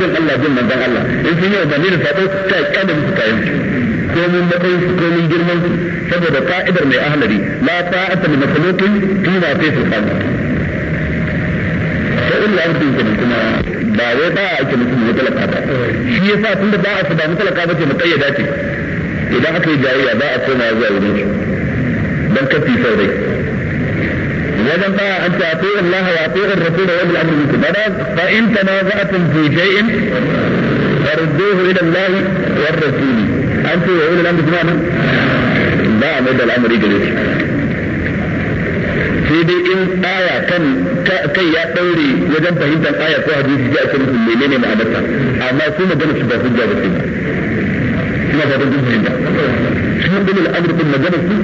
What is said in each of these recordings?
bin Allah bin manzon Allah in sun yi wa dalilin sabo ta kada musu kayan su ko mun matsayin su ko mun girman su saboda ka'idar mai ahlari la ta'ata li makhluqin fi ma fi sultan sai in la abdin da kuma ba wai ba a ake mutum mutalaka ba shi yasa tunda ba a ba mutalaka ba ce mutayyada ce idan aka yi jayayya ba a koma zuwa wurin shi dan kafi saurayi إذا أنت أنت أطيع الله وأطيع الرسول وأولي الأمر منكم فإن تنازعتم في شيء فردوه إلى الله والرسول أنت وأولي الأمر تماما لا مدى الأمر يجري sai dai in aya kan kai ya daure wajen fahimtar aya ko hadisi ji a cikin mutum menene ma'anarta amma su magana su ba hujja ba ce ina fatan kun fahimta sun dalil amurkin magana su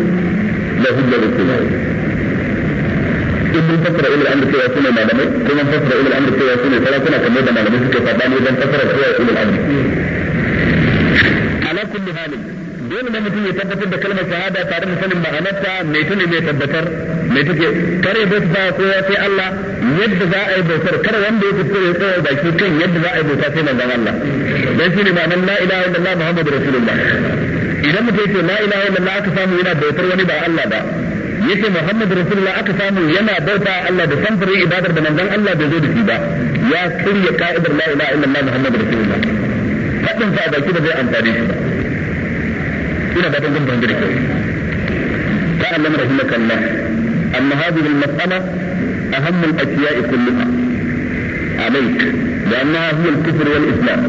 ba hujja ba ce in mun fassara ilal amr cewa sune malamai ko mun fassara ilal amr cewa sune sarakuna kamar da malamai suke faɗa ne dan fassara cewa ilal ala kulli halin dole ne mutum ya tabbatar da kalmar shahada tare da sanin ma'anarta mai tuni mai tabbatar mai take kare bauta kowa sai Allah yadda za a yi bautar kar wanda ya kuskure ya tsaya baki kan yadda za a yi bauta sai manzon Allah dan shine ma'anar la ilaha illallah muhammadur rasulullah idan mutum ya ce la ilaha illallah aka samu yana bautar wani ba Allah ba yace Muhammadu Rasulullah aka samu yana bauta Allah da samfari ibadar da manzon Allah bai zo da shi ba ya kirya ka'idar la ilaha illallah Muhammadu Rasulullah fadin sa a baki da zai amfani shi ina ba ina fatan kun fahimta da kyau ta'allam rahimakallah أن هذه المسألة أهم الأشياء كلها عليك لأنها هي الكفر والإسلام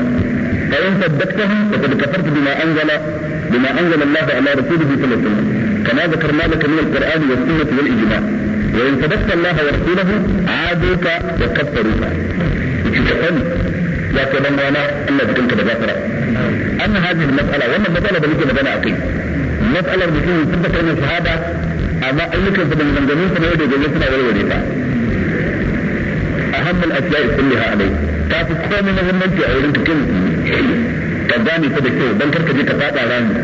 فإن صدقتها فقد كفرت بما أنزل بما أنزل الله على رسوله صلى الله عليه وسلم كما ذكرنا لك من القرآن والسنة والإجماع وإن صدقت الله ورسوله عادوك وكفروك تتفهم يا كمان وانا الله بكنت بذاكرة أما هذه المسألة وما المسألة بلوك مدانا أقيم المسألة اللي فيه ثبت أن الصحابة أما أنك من زنجمين فما يدي جلسنا ولا وليتا أهم الأشياء كلها عليه تعرف كل من مهمتي أو انت كل ka gane ta da kyau don karka je ka fada rami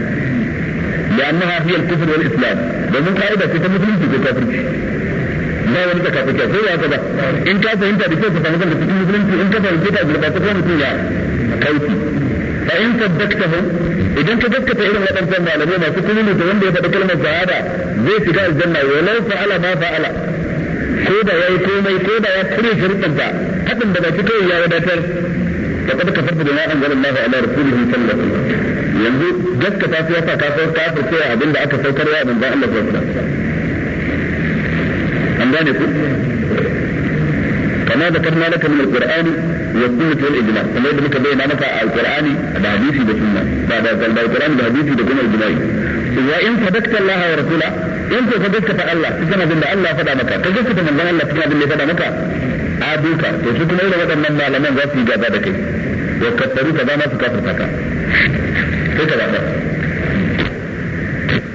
لأنها هي الكفر والإسلام domin ka'ida ce ta musulunci ko kafirci ba wani ta kafirci ko ya in ka fahimta da kyau ka fahimta da musulunci in ka fahimta ta gurbata ko mutum ya kauci fa in saddaqtahu idan ka gaskata irin waɗannan malamai masu kullu da wanda ya faɗi kalmar shahada zai shiga aljanna walau fa'ala ma fa'ala ko da yayi komai ko da ya da ya wadatar لقد كفرت بما انزل الله على رسوله صلى الله عليه وسلم yanzu gaskata su yasa ka sauka kafir cewa abin da aka saukarwa ban ba Allah gwamna an gane ku kama da karna laka min alqur'ani wa sunnati wal ijma kamar da muka bayyana maka alqur'ani da hadisi da sunna ba da da alqur'ani da hadisi da kuma ijma wa in sadaqta Allah wa rasula in ko sadaqta Allah cikin abin da Allah ya faɗa maka ka gaskata manzon Allah cikin abin da ya faɗa maka duka, to su kuma irin waɗannan malaman za su yi gaba da kai da kafaru ka zama su kafarta ka sai ka zaɓa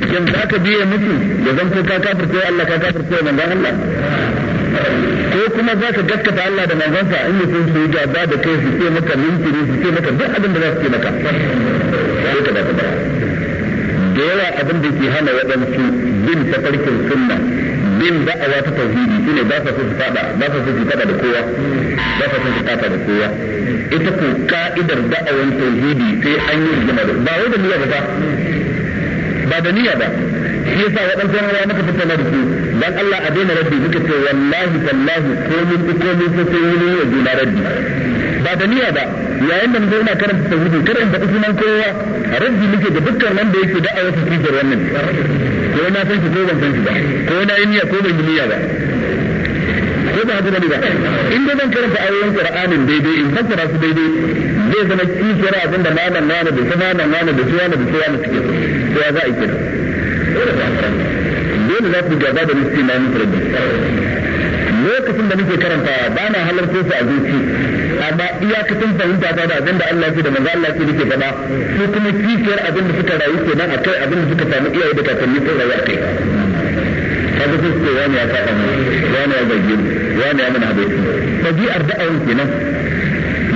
shin za ka biye musu da zan ko ka kafirce Allah ka kafirce manzon Allah ko kuma za ka gaskata Allah da manzansa in yi sun su yi gaba da kai su ce maka yunkiri su ce maka duk abin da za su ce maka sai ka zaɓa da yawa abin da ke hana waɗansu bin tafarkin sunna bin da'awa ta tauhidi shine ba sa so su fada ba sa so su fada da kowa ba sa so su fada da kowa ita ko ka'idar da'awan tauhidi sai an yi rigima da ba wai da niyya ba ba da niyya ba shi yasa waɗansu hawa maka tattauna da su dan Allah a daina rabbi suka ce wallahi tallahi komin komin sai sai wani ya juna rabbi ba da niyya ba yayin da mu ina karanta tauhidi kada in faɗi sunan kowa rabbi muke da dukkan wanda yake da'awar tauhidar wannan ko na san shi ko ban san shi ba ko na yi niyya ko ban yi niyya ba ko ba haka ba in dai zan karanta ayoyin qur'anin daidai in fassara su daidai zai zama kishiyar abin da malam na da kuma malam na da na da kuma na suke to ya za a yi kira dole za ku gaba da miskin na mutarbi lokacin da muke karanta ba na halarta su a zuci amma iyakacin fahimta ta da abin da Allah ke da manzo Allah ke yake faɗa. su kuma kifiyar abin da suka rayu kenan akai abin da suka samu iyaye da kakanni sun rayu akai kaga su ce wani ya faɗa mu wani ya zage mu wani ya mana abin tabi'ar da'awun kenan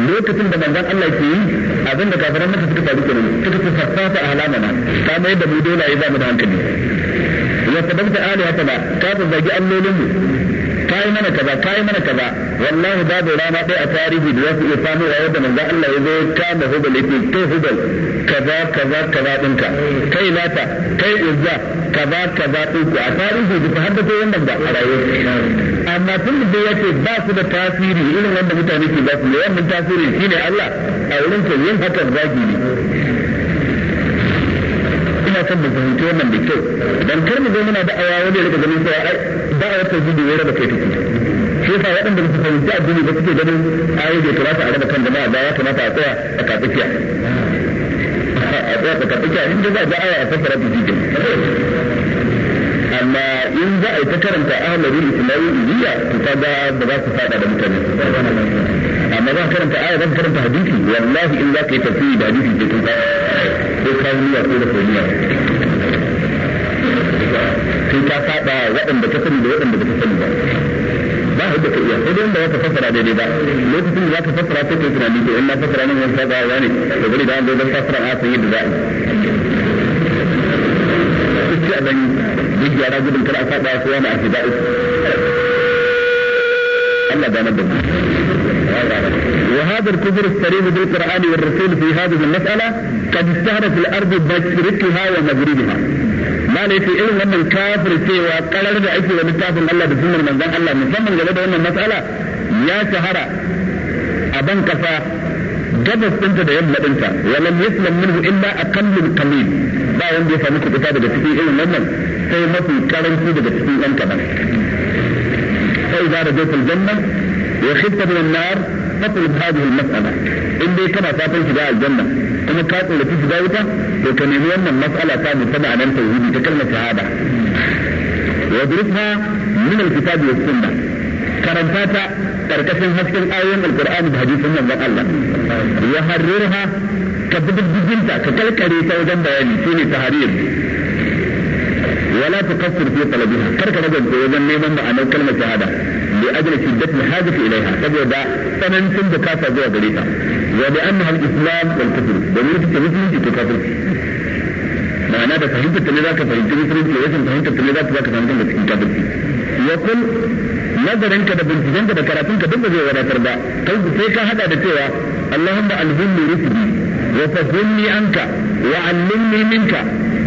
lokacin da manzon Allah ke yi abin da kafiran maka suka faru kenan suka ce fassafa a halamana ta mai da mu dole ya ba mu da hankali wa sababta aliyatana ka zagi allolin kai mana kaza kai mana kaza wallahi babu rana ɗaya a tarihi da za su iya samu wa yadda manzo Allah ya zo kama hubal yake to hubal kaza kaza kaza dinka kai lata kai izza kaza kaza dinku a tarihi da haddace wannan ba a rayuwa amma tun da yake ce ba su da tasiri irin wanda mutane ke ba su da wannan tasiri shine Allah a wurin ka yin hakan zagi ne ina son mu fahimci wannan da kyau dan kar mu zo muna da awa wani rika ganin cewa ai dan a rasa zubi ya raba kai take shi yasa waɗanda ba su fahimci addini ba suke ganin ayoyi bai kamata a raba kan jama'a ba ya kamata a tsaya a katsakiya a tsaya a katsakiya in za a ga aya a fassara ta jikin amma in za a yi ta karanta ahmadu ismail iliya to ta ga ba za su fada da mutane amma za a karanta aya za a karanta hadisi wallahi in za ka yi tafiya da hadisi ke tun ko kawuniya ko da kawuniya kai ka saba waɗanda ka sani da waɗanda ba ka sani ba ba hidda ka iya sai wanda ka fassara daidai ba lokacin da za ka fassara sai kai tunani to in na fassara nan wani saba wa ne da bari da an zo don fassara a san yadda za a yi sai a dan gyara gudun kar a saba ko wani a shiga الله بنبه وهذا الكفر السليم بالقرآن والرسول في هذه المسألة قد اشتهر في الأرض مشرقها ومغربها malai ce irin wannan kafir cewa karar da ake wani kafin Allah da sunnar manzon Allah musamman game da wannan matsala ya shahara a ban kasa gabas ɗinta da yamma ɗinta walam yaslam minhu illa aqallul qalil ba wanda ya samu kubuta daga cikin irin wannan sai mafi karanci daga cikin ɗan kaɗan sai za da jefal janna wa khifta min an-nar fatlub hadhihi al-mas'ala in dai kana fatan shiga aljanna kuma ka tsoraci shiga wuta to ka nemi wannan mas'ala ta mu tana nan tauhidi ta kalmar shahada wa durfa min alkitab wa sunna karanta ta karkashin hasken ayoyin alqur'ani da hadisin manzon Allah ya harrirha ka bibbijinta ka kalkare ta wajen bayani shine tahrir ولا تقصر في طلبها ترك رجل وزن نيمان معنى كلمة شهادة لأجل شدة الحاجة إليها تبدا فمن تنبكا فزوى بريطة وبأنها الإسلام والكفر دليل المسلم في كفر معناه ده فهمت التلذات فهمت المسلم في وجه فهمت التلذات ذاك فهمت الكفر يقول nazarin ka da binciken ka da karatun ka duk ba zai wadatar ba kai sai ka hada da cewa Allahumma alhimni rusuli wa fahimni anka wa allimni minka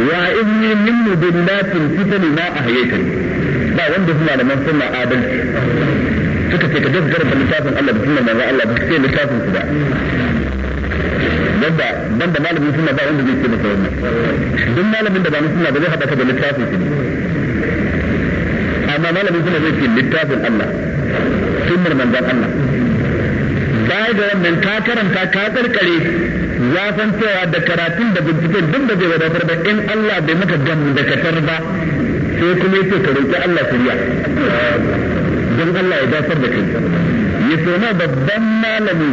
wa ibni min mudillatin fitani ma ahyaytani ba wanda suna da man sunna adalci suka ce ka je ka karanta littafin Allah da suna manzo Allah da suke littafin su ba banda banda malamin sunna ba wanda zai ce maka wannan duk malamin da ba na sunna ba zai haɗa ka da littafin su ne amma malamin sunna zai ce littafin Allah sunnar manzan Allah baya ga wannan ka karanta ka karkare ya san cewa da karatun da binciken duk da zai wadatar da in Allah bai maka gam da ba sai kuma ce ka roƙi Allah shirya don Allah ya dafar da kai ya soma babban malami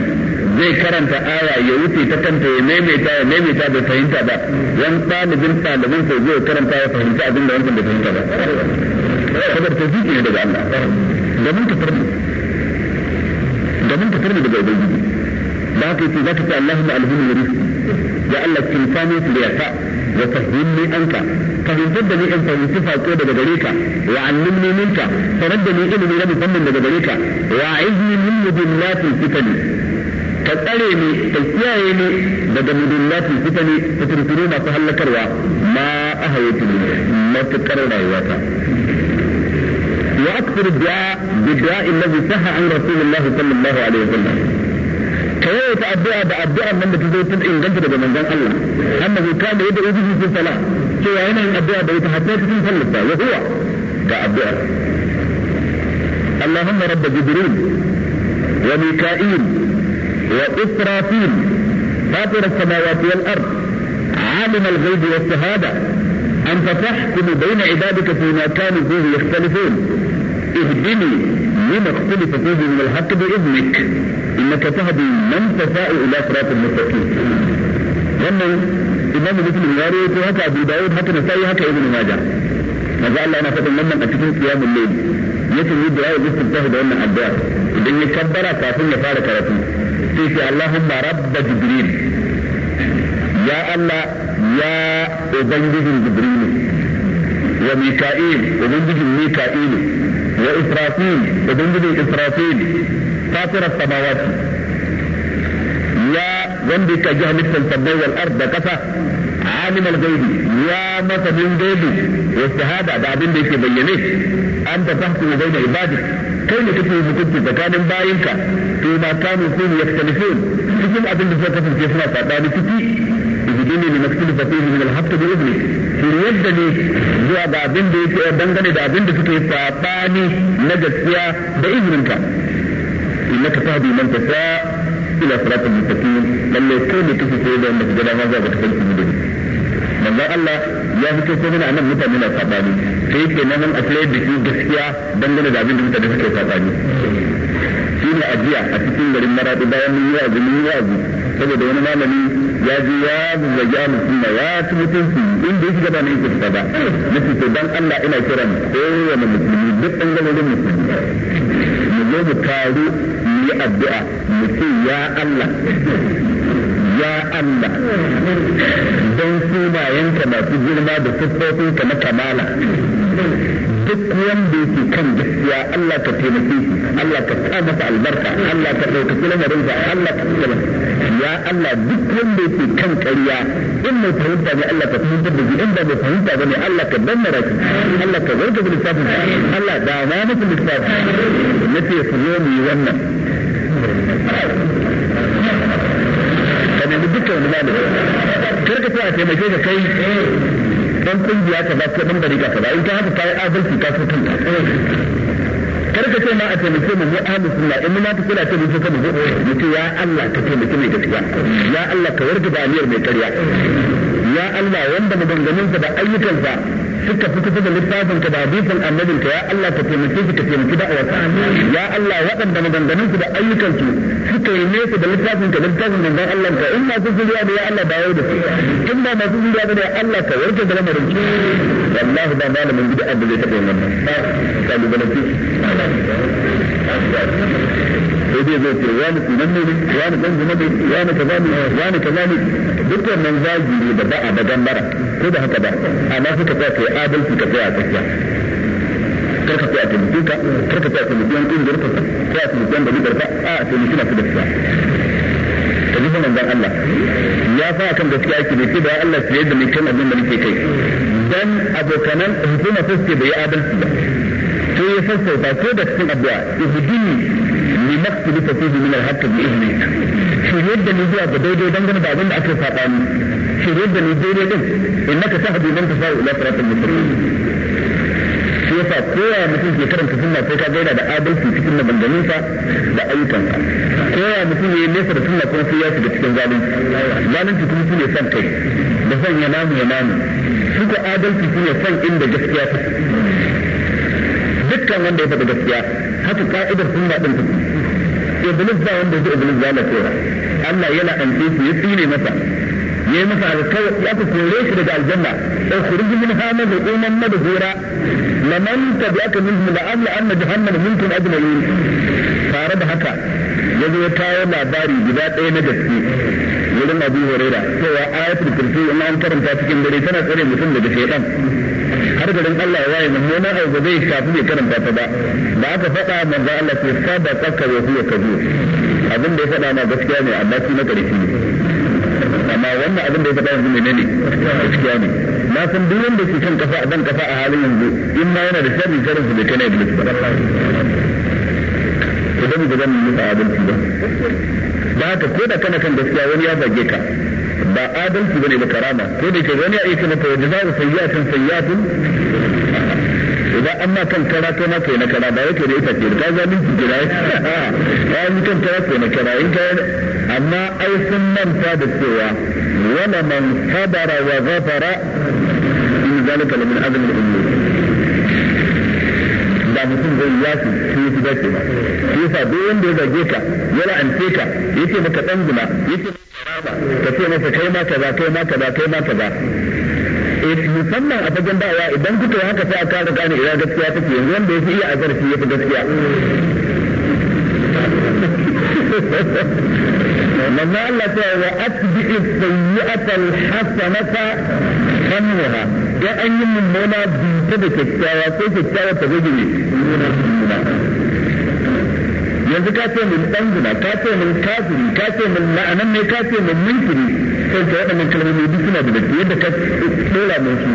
zai karanta aya ya wuce ta kanta ya maimaita ya maimaita bai fahimta ba wani ɗalibin ɗaliban sai zai karanta ya fahimta abin da wancan bai fahimta ba ta zuke daga Allah domin ta farko domin ta farko daga ubangiji za ce Allahumma ya Allah kin same su da yasa وتهدمني أنت فهمتدني أنت من صفة قوة جدريك وعلمني منك فردني إلى من لم يصمم جدريك وعزني من مدلات الفتن تتعليني تتعليني لدى مدلات الفتن تترسلون أصحال لكروا ما أهيتني ما تكرر أيواتا وأكثر الدعاء بالدعاء الذي سهى عن رسول الله صلى الله عليه وسلم كيف أدعى بأدعى من تزيد إن جنت من الله أنه كان يدعو به في الصلاة شو أنا أدعى بيت في الصلاة وهو كأدعى اللهم رب جبريل وميكائيل وإسرافيل فاطر السماوات والأرض عالم الغيب والشهادة أنت تحكم بين عبادك فيما كانوا فيه يختلفون اهدني لما اختلف تهدي من الحق بإذنك إنك تهدي من تشاء إلى صراط المستقيم لما إمام مسلم الغاري يقول هكا أبو داود هكا نسائي هكا ابن ماجه ما زال الله نفسه لما أكتب قيام الليل مثل يتم يدعى ويستمتعه بأن أبدا إذن يكبر كافر يفعل كرتي سيسي اللهم رب جبريل يا الله يا أبنجهم جبريل وميكائيل أبنجهم ميكائيل وإسرافيل تدنجد إسرافيل كافر السماوات يا وندي كجه مثل تبوي الأرض كفا عالم الغيب يا مثل من غيب والسهادة بعدين ديك بيني أنت تحكم بين عبادك كيف تكون بكتب فكان باينك فيما كانوا يكونوا يختلفون تكون أدن بسكة في كفنا فأداني تكي يهديني لما اختلف فيه من الحق بإذنه في يدني zuwa ga abin da yake dangane da abin da suke sabani na gaskiya da izininka ka tahdi man tasha ila siratal mustaqim lalle kai ne kake sai da wanda gida ma za ka tafi da manzo Allah ya fito ko mana nan mutane na sabani sai ke nan a tsaye da shi gaskiya dangane da abin da mutane suke sabani shi ne ajiya a cikin garin maradi bayan mun yi azumi yi azumi saboda wani malami ya je ya zagi a musulma ya ci mutunci inda yake gaba na yake fita ba na to dan Allah ina kiran kowane musulmi duk ɓangarorin musulmi mu zo mu taru mu yi addu'a mu ce ya Allah ya Allah don sunayenka masu girma da siffofin na kamala duk wanda yake kan gaskiya Allah ka taimake shi Allah ka sa masa albarka Allah ka ɗaukaki lamarinsa Allah ka tsaya ya Allah duk wanda yake kan ƙarya in mai fahimta ne Allah ka fahimtar da shi in ba mai fahimta ba ne Allah ka dannara shi Allah ka zarga da lissafin Allah da ma masa lissafin nace su zo mu yi wannan ka nemi dukkan wani malami kar ka tsaya taimake ka kai dan kungiya ka ba ko dan dariƙa ka ba in ka haka kai adalci ka fitu kar ka ce ma a taimake mu mu ahlu sunna in ma ta kula ta mu ka mu mutu ya Allah ka taimake mai gaskiya ya Allah ka warda da aniyar mai karya ya Allah wanda mu maganganunsa da ayyukansa suka fito da littafin ka da hadisin annabin ka ya Allah ka taimake su ka taimaki da awata ya Allah waɗanda maganganun su da ayyukan su suka yi nesa da littafin ka da littafin manzon Allah ka in masu zuriya da ya Allah dawo da su in ba masu zuriya da ya Allah ka warke da lamarin su wallahi ba malamin bid'a da zai taɓa yin wannan ba ba ba sai dai zai ce wani tsinan ne ne wani dan zuma ne wani kaza ne wani kaza ne duk wannan zagi ne da ba a bagan ko da haka ba amma suka sa kai adalci ka tsaya tsakiya kar tsaya taimake ka kar tsaya taimake yan kungiyar ka ko a taimake yan dalilin a taimake na su gaskiya ka ji sanan dan Allah ya fa kan gaskiya ake da da Allah fiye da mai kan abin da nake kai dan abokanan hukuma su ce bai adalci ba sai ya sassauta ko da cikin addu'a ihdini المقتل فيه من الحق بإذنه شريط دليل أبو ديدي دنجن شريط إنك من إلى صراط shi yasa mutum ke karanta sunna sai ka gaida da adalci cikin maganganunsa da ayyukansa koya mutum ya yi nesa da sunna kuma sai ya shiga cikin zalunci zalunci kuma shi ne son kai da son ya namu ya namu shi ko adalci shi ne dukkan wanda ya faɗa gaskiya haka ka'idar sunna ɗin ta iblis ba wanda zai iblis lalacewa Allah ya la'ance shi ya tsine masa ya yi masa alkawar ya aka kore shi daga aljanna sai khuruj min hamal da umman madhura laman tabi'aka minhum la'amla anna jahannama minkum ajma'in tare da haka ya zo ya kawo labari guda ɗaya na gaske wurin Abu Hurairah cewa ayatul kursi in an karanta cikin dare tana tsare mutum daga shaytan har garin Allah ya waye mummuna ai gobe zai shafi bai karanta ta ba da aka faɗa manzo Allah sai saba tsaka ya fiye kabir abin da ya faɗa na gaskiya ne amma shi na ƙarfi ne amma wannan abin da ya faɗa yanzu menene gaskiya ne na san duk wanda ke kan kafa a dan kafa a halin yanzu in ma yana da sharri sharrin su bai da iblis ba to dan ga zan yi abinci ba da haka ko da kana kan gaskiya wani ya bage ka ba adalci bane ba karama ko da ke wani ya na maka wajen za'u sayyatin sayyatun Za an ma kan kara kai ma kai na kara ba yake da ita ce ka zalunci kira ya yi kan kara kai na kara in ka amma ai sun manta da cewa wala man sabara wa ghafara in zalika min azmi al-umur da mutum zai yafi shi su dace ba shi yasa duk wanda ya zage ka ya la'ance ka yake maka dan guna yake masa ka ce masa kai ma kaza kai ma kaza kai ma kaza eh, musamman a fagen bawa idan kuka haka sai a kara gane ina gaskiya take yanzu wanda ya fi iya azarci ya fi gaskiya manzo Allah ta wa atbi'i sayyi'ata al-hasanata kamuha ya an yi mummuna bi ta da kyakkyawa sai kyakkyawa ta gode ne yanzu ka ce min dan zina ka ce min kafiri ka ce min la'anan ne ka ce min mulkiri sai ka waɗannan kalmomi duk suna da datti yadda ka dora min su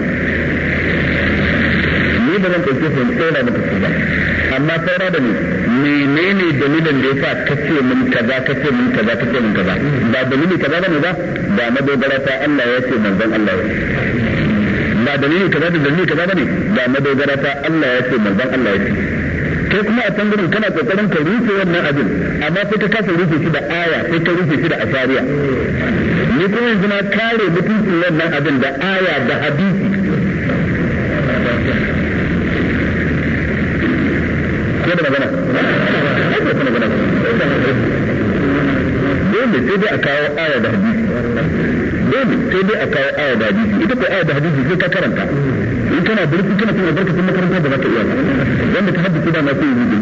ni ba zan ɗauke su dora maka su ba amma saura da ni menene dalilin da yasa ka ce min kaza ka ce min kaza ka ce min kaza ba dalili kaza ba ne ba ba madogara ta Allah ya ce manzon Allah ya ba dalili kaza da dalili kaza ba ne ba madogara ta Allah ya ce manzon Allah ya ce kai kuma a can kana kokarin ka rufe wannan abin amma sai ka kasa rufe shi da aya sai ka rufe shi da asariya ni kuma yanzu na kare mutuncin wannan abin da aya da hadisi ko da magana ko da magana dole sai dai a kawo aya da hadisi dole sai dai a kawo aya da hadisi ita ko aya da hadisi sai ka karanta in kana birni kana tana barkatun makaranta da zaka iya wanda ta haddace da masu yi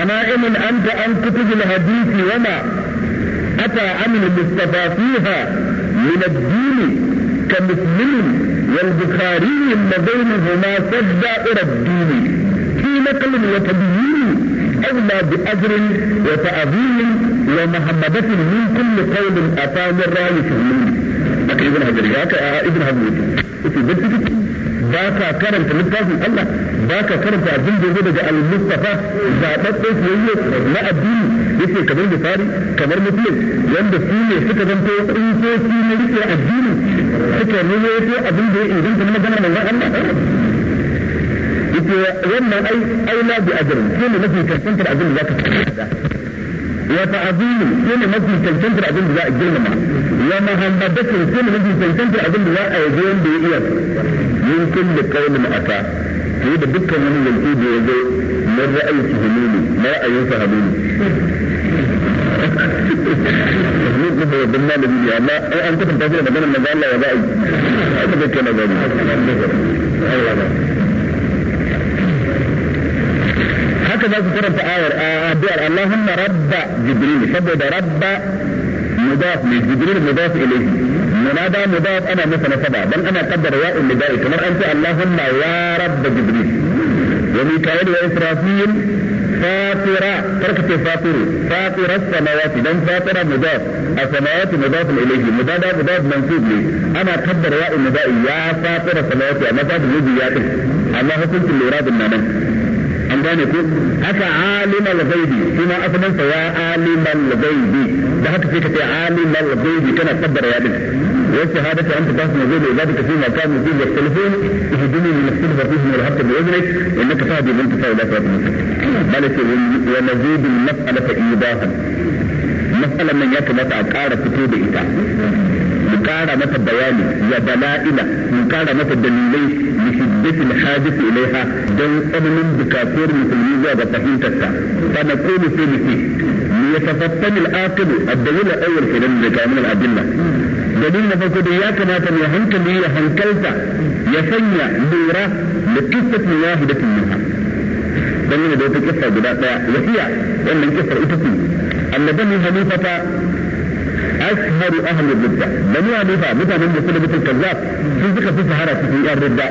ana imin anta an kutubul hadisi wama ata amin mustafa fiha min ad-din ka muslim wal bukhari ma bainahuma sadda ad-din fi naql wa tabyin أولى بأجر وتعظيم ومحبة من كل قول أتى من رأي في المؤمن. ابن هجر ابن هجر. ba ka karanta littafin Allah ba ka karanta abin da zo daga al-Mustafa zaɓaɓɓe soyayye na addini yake kamar Bukhari kamar Muslim wanda su ne suka zanto ƙunsoci na rike addini suka rawaito abin da ya inganta na maganar manzon Allah yake wannan ai ai na bi ajrin shine mafi karkantar abin da zaka karanta wa ta'zimu shine mafi karkantar abin da za a girmama wa muhammadatin shine mafi karkantar abin da za a yi wanda ya iya يمكن لكون الأتى هي بدك من الجلسي بيزو ما رأيت هنوني ما رأيت هنوني هكذا ترى في آية آه، آه، اللهم رب جبريل سبب رب مضاف لجبريل مضاف اليه منادى مضاف انا مثل سبع بل انا قدر ياء النداء كما انت اللهم يا رب جبريل وميكائيل واسرافيل فاطرة تركة فاطر فاطر السماوات بل فاطرة مضاف السماوات مضاف إليه مضاف مضاف منسوب لي أنا قدر ياء النداء يا فاطر السماوات أنا فاطر الذي ياتي الله كنت الإرادة المعنى an gane ko haka alimal ghaibi kuma asalin sa ya alimal ghaibi da haka sai ka ce alimal ghaibi kana kaddara ya din wa shahadatu anta tasmu ghaibi ibadaka fi ma kanu fi yastalifun ihdini min as-silfa fihi wal hatta bi idnik innaka tahdi man tasau ila siratal mustaqim balik wa nazidu al-mas'alata idahan mas'alan nan ya kamata a ƙara fito da ita mu ƙara mata bayani ya bala'ila mu ƙara mata dalilai لشدة الحاجة إليها دون ثمن بكافور مثل يوجا بفهمتك فنقول في مثل ليتفطن العاقل الدليل الأول في ذلك من الأدلة دليل نفسه يا كما تنهنك لي هنكلت يسنى نورا لقصة واحدة منها دليل دوت القصة بلا وهي أن القصة أتتي أن بني حنيفة ashharu ahli ridda bani hanifa mutanen da suka mutum kazzab su suka fi sahara cikin yan ridda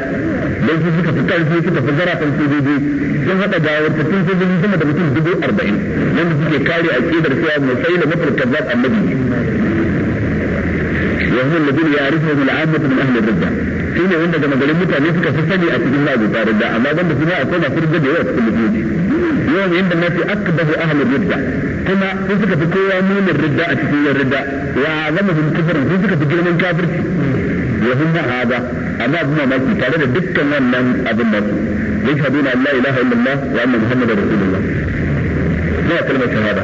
dan su suka fi karfi suka fi zarafin sojoji sun hada gawar ta sun sojoji sama da mutum dubu arba'in wanda suke kare aqidar cewa musaila mutul kazzab annabi وهم الذين يعرفهم العامة من أهل الردة شنو عندما قال متى نفك في السبيع تجمع بطار الردة أما بند في ما ya في الردة يوم كل yau inda na fi akbahu ahlul ridda kuma sun suka fi kowa munin ridda a cikin yin ridda wa zama sun kufurin sun suka fi girman kafirci wa hum hada amma abin mamaki tare da dukkan wannan abin da su yashhaduna an la ilaha illallah wa anna muhammadar rasulullah zuwa kalmar shahada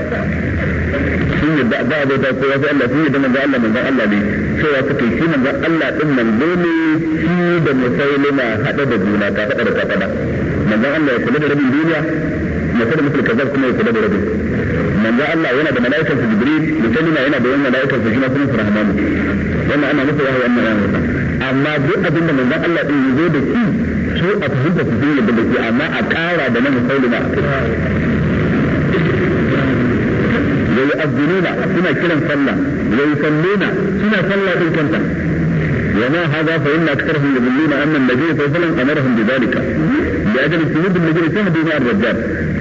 sun yadda ba a bauta kowa sai Allah sun yadda manzo Allah manzo Allah ne cewa kake shi manzo Allah din manzo ne shi da musailima hada da juna ka fada da ka fada manzo Allah ya kula da rabin duniya يكون مثل كذلك كما يكون ابو ربيع من جاء الله هنا بملائكه في جبريل مثل ما هنا بين ملائكه في جنة في الرحمن وما انا مثل وهو انا انا اما دي ابن من جاء الله ان يزيد في سوء تهزيز في الدنيا بالتي اما اكارى بنام قول ويؤذنون سنة كلام صلى ويصلون سنة صلى في الكنتا وما هذا فإن أكثرهم يظنون أن النبي صلى الله عليه وسلم أمرهم بذلك بأجل الذنوب التي ارتكب بها الرداد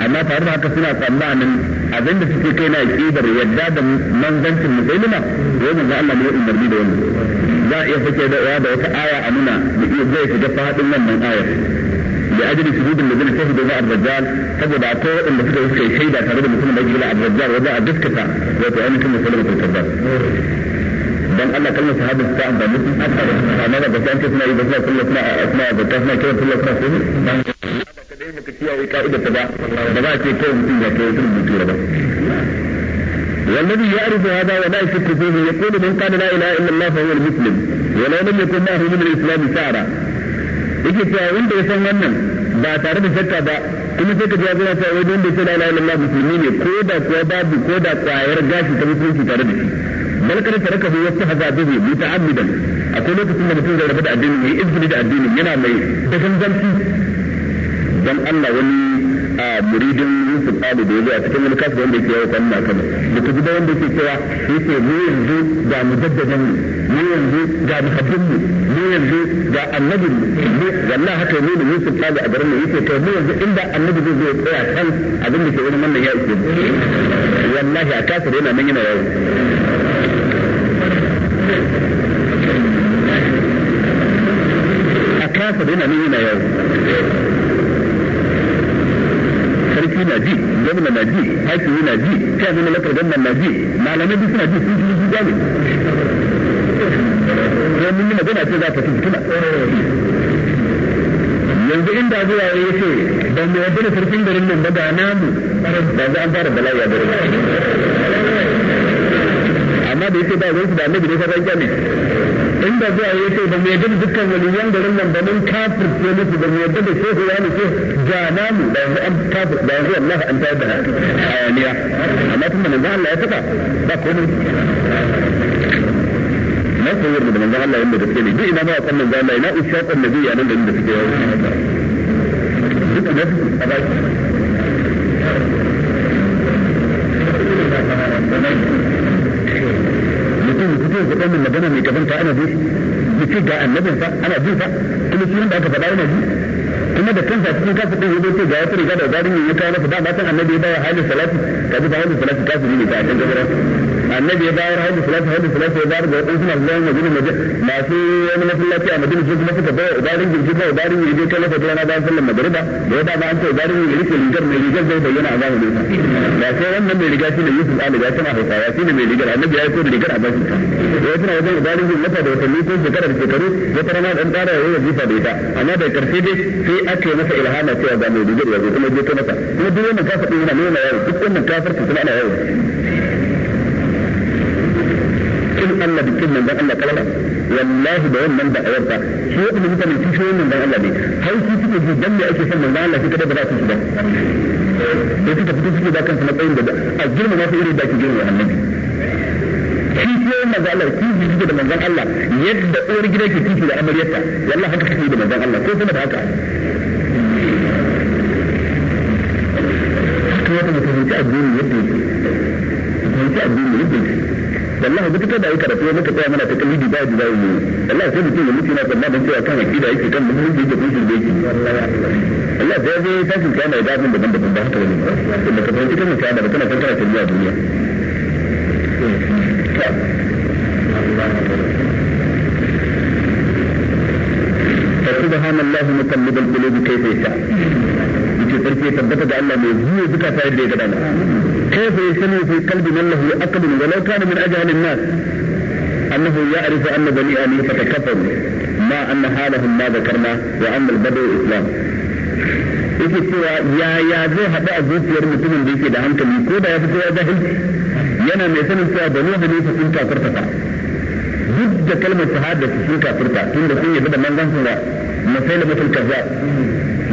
أما تعرض haka suna tsammanin abin da suke kai na aƙidar yadda da manzancin musulma to yanzu za Allah ne umarni da wannan za a iya fake da da wata aya a nuna da iya zai shiga fadin wannan ayar da ajali shudin da zai shahidu na arzajjal saboda akwai waɗanda suka yi kai shaida tare da mutumin da ake gina arzajjal wanda a gaskata wato ainihin musulma ko tabbas dan Allah kalmar sahabin ta amfani amma da gaskiya suna yi da suna suna suna suna suna suna suna suna suna kai baka kiyaye ka'idar ta ba ba za a ce kai mutum ya kai mutum mutu ba والذي يعرف هذا ولا يشك فيه يقول من قال لا اله الا الله فهو المسلم ولو لم يكن معه من الاسلام شعرا yake cewa wanda ya san wannan ba tare da shakka ba kuma sai ka ji yana cewa wani wanda ya ce la ilaha illallah ne ko da kuwa babu ko da kwayar gashi ta musulunci tare da shi bal kada ta raka huwa ta haza bihi muta'ammidan akwai lokacin a mutum zai rabu da addini yayi izini da addini yana mai da ganganci dan Allah wani a muridin Yusuf Ali da ya zuwa cikin wani kasu wanda ke yawo kan mata da ta gida wanda ke cewa ya ce mu yanzu ga mu daddaban mu mu yanzu ga mu habbin mu mu yanzu ga annabin mu wallahi haka ne da Yusuf Ali a garin mu ya ce to mu yanzu inda annabi zai zo ya tsaya kan abin da ke wani wannan ya yake wallahi a da yana nan yana yawo a kasar yana nan yana yawo alkali na ji gwamna na ji hakimi na ji sai abin lakar gwamna na ji malamai duk suna ji sun ji su jami to mun magana ce za ta tuntuna yanzu inda zuwa ya ce ban mu yadda da sarkin garin nan ba ga namu ba za an fara bala'i a garin amma da yake ba zai su da annabi ne sarrafa ne inda ba zuwa ya ce da mai yadda dukkan waliyan garin nan ba mun kafirce musu ba mu yadda da shehu ya ne ce ga namu da yanzu an kafir da yanzu Allah an tayar da hayaniya amma tun da manzo Allah ya faɗa ba komai na koyar da manzo Allah yanda da ne duk ina ma san manzo Allah ina kan nabi ya nan da inda suke yawo duk da su a baki irin su ɗanin magana mai kazanta ana bi su ce ga annabin sa ana bin sa kuma shi wanda aka faɗa yana bi kuma da kansa cikin kasa ɗin hudu ce ga wata riga da zarin ya kawo na faɗa ba san annabi ya bawa halin salati ba halin salati kafiri ne a can gabara annabi ya bayar hadu salatu hadu salatu ya bayar ga wadansu a zama a masu wani masallaci a madina su kuma suka bawa ubarin girki ba ubarin yi kai lafa rana bayan sallar magariba da ya dama an ce ubarin girki ke rigar mai rigar zai bayyana a zamanin sa ba sai wannan mai riga shine yusuf a ga tana hausawa shine mai rigar annabi ya yi ko da rigar a bashi ya tana wajen ubarin girki lafa da watanni ko shekarar shekaru wata rana dan tsara ya yi da ita amma da karshe dai sai aka yi masa ilhama cewa ga mai rigar ya zo kuma ta kuma duk wannan kafa din yana nuna yawo duk wannan kafar ta ana yawo Allah da cin manzon Allah kalala wallahi da wannan da ayar ba shi ya kuma mutane su shi manzon Allah ne har su suke ji dan me ake son manzon Allah shi kada ba za su shiga da suka fito suke da kansu matsayin da a girma ma su irin da ake girma annabi shi ko manzon Allah shi ji da manzon Allah yadda uwar gida ke kishi da amaryarta wallahi haka kake da manzon Allah ko kuma da haka haka wata mutum ya addini yadda yake mutum ya addini yadda yake wallahi duk da ai karatu muka tsaya muna ta kalidi ba da zai yi wallahi sai mutum ya mutu na tsammanin cewa kan akida yake kan mutum da yake kusur da yake Allah da zai tashin kana da abin da ban da ban haka wani ba ka fahimci kan kana ba tana tantara ta duniya duniya فسبحان الله مقلب القلوب كيف يشاء. يجي تركي تبتدأ الله من هو بكفاءة ديك كيف يسمي في قلب من له أقل ولو كان من أجهل الناس أنه يعرف أن بني أليفة كفر ما أن حالهم ما ذكرنا وأن البدو إسلام إذا كنت يا يا ذو هذا أزوك يرمى تمن ديك دهان كمي كودا يفكو يا جهل ينا ميسن انتوا بني أليفة انتوا فرتفع ضد كلمة سهادة سنكا فرتا كين دفين يبدأ من ذنبه مسيلة مثل كذاب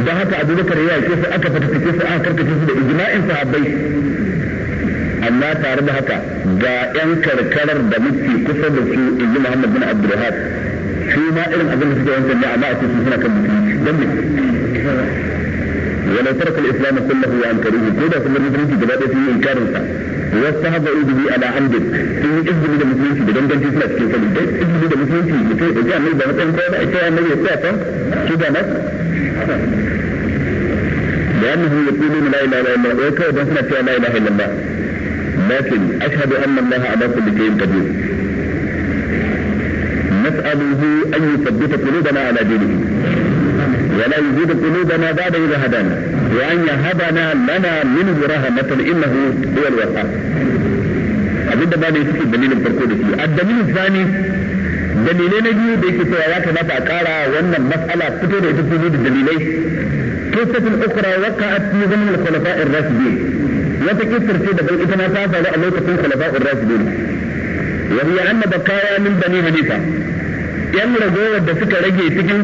ده هكا أبو بكر يا كيف أكفت كيف أكفت كيف أكفت كيف أكفت amma tare da haka ga 'yan karkarar da muke kusa da su inji muhammad bin abdulrahman su ma irin abin da suke wancan ne a cikin suna kan mutum don ne wani tarka islam kullahu wa ankari ko da kuma mutunci gaba da sun yi inkarin sa wasu haɓa ujubi ala hamdin sun yi izini da musulunci da ganganci suna cikin sani don izini da musulunci mutum ya ɗauki annabi ba matsayin kowa ba a cewa annabi ya tsaya kan su da nan da yanni hu ya ƙi nuna la'ilaha illallah ya kawai don suna cewa la'ilaha illallah لكن أشهد أن الله على كل شيء قدير نسأله أن يثبت قلوبنا على دينه ولا يزيد قلوبنا بعد إذا هدانا وأن يهبنا لنا منه رحمة إنه هو الوفاء abinda ba da ya cikin dalilin farko da shi addalilin sani dalilai na biyu da yake cewa ya kamata a kara wannan matsala fito da ita da dalilai أخرى وقعت في زمن الخلفاء الراشدين wata kisar ce daban ita ma ta faru a lokacin khulafa'ur rashidin wa hiya anna baqaya min bani hanifa yan ragowar da suka rage cikin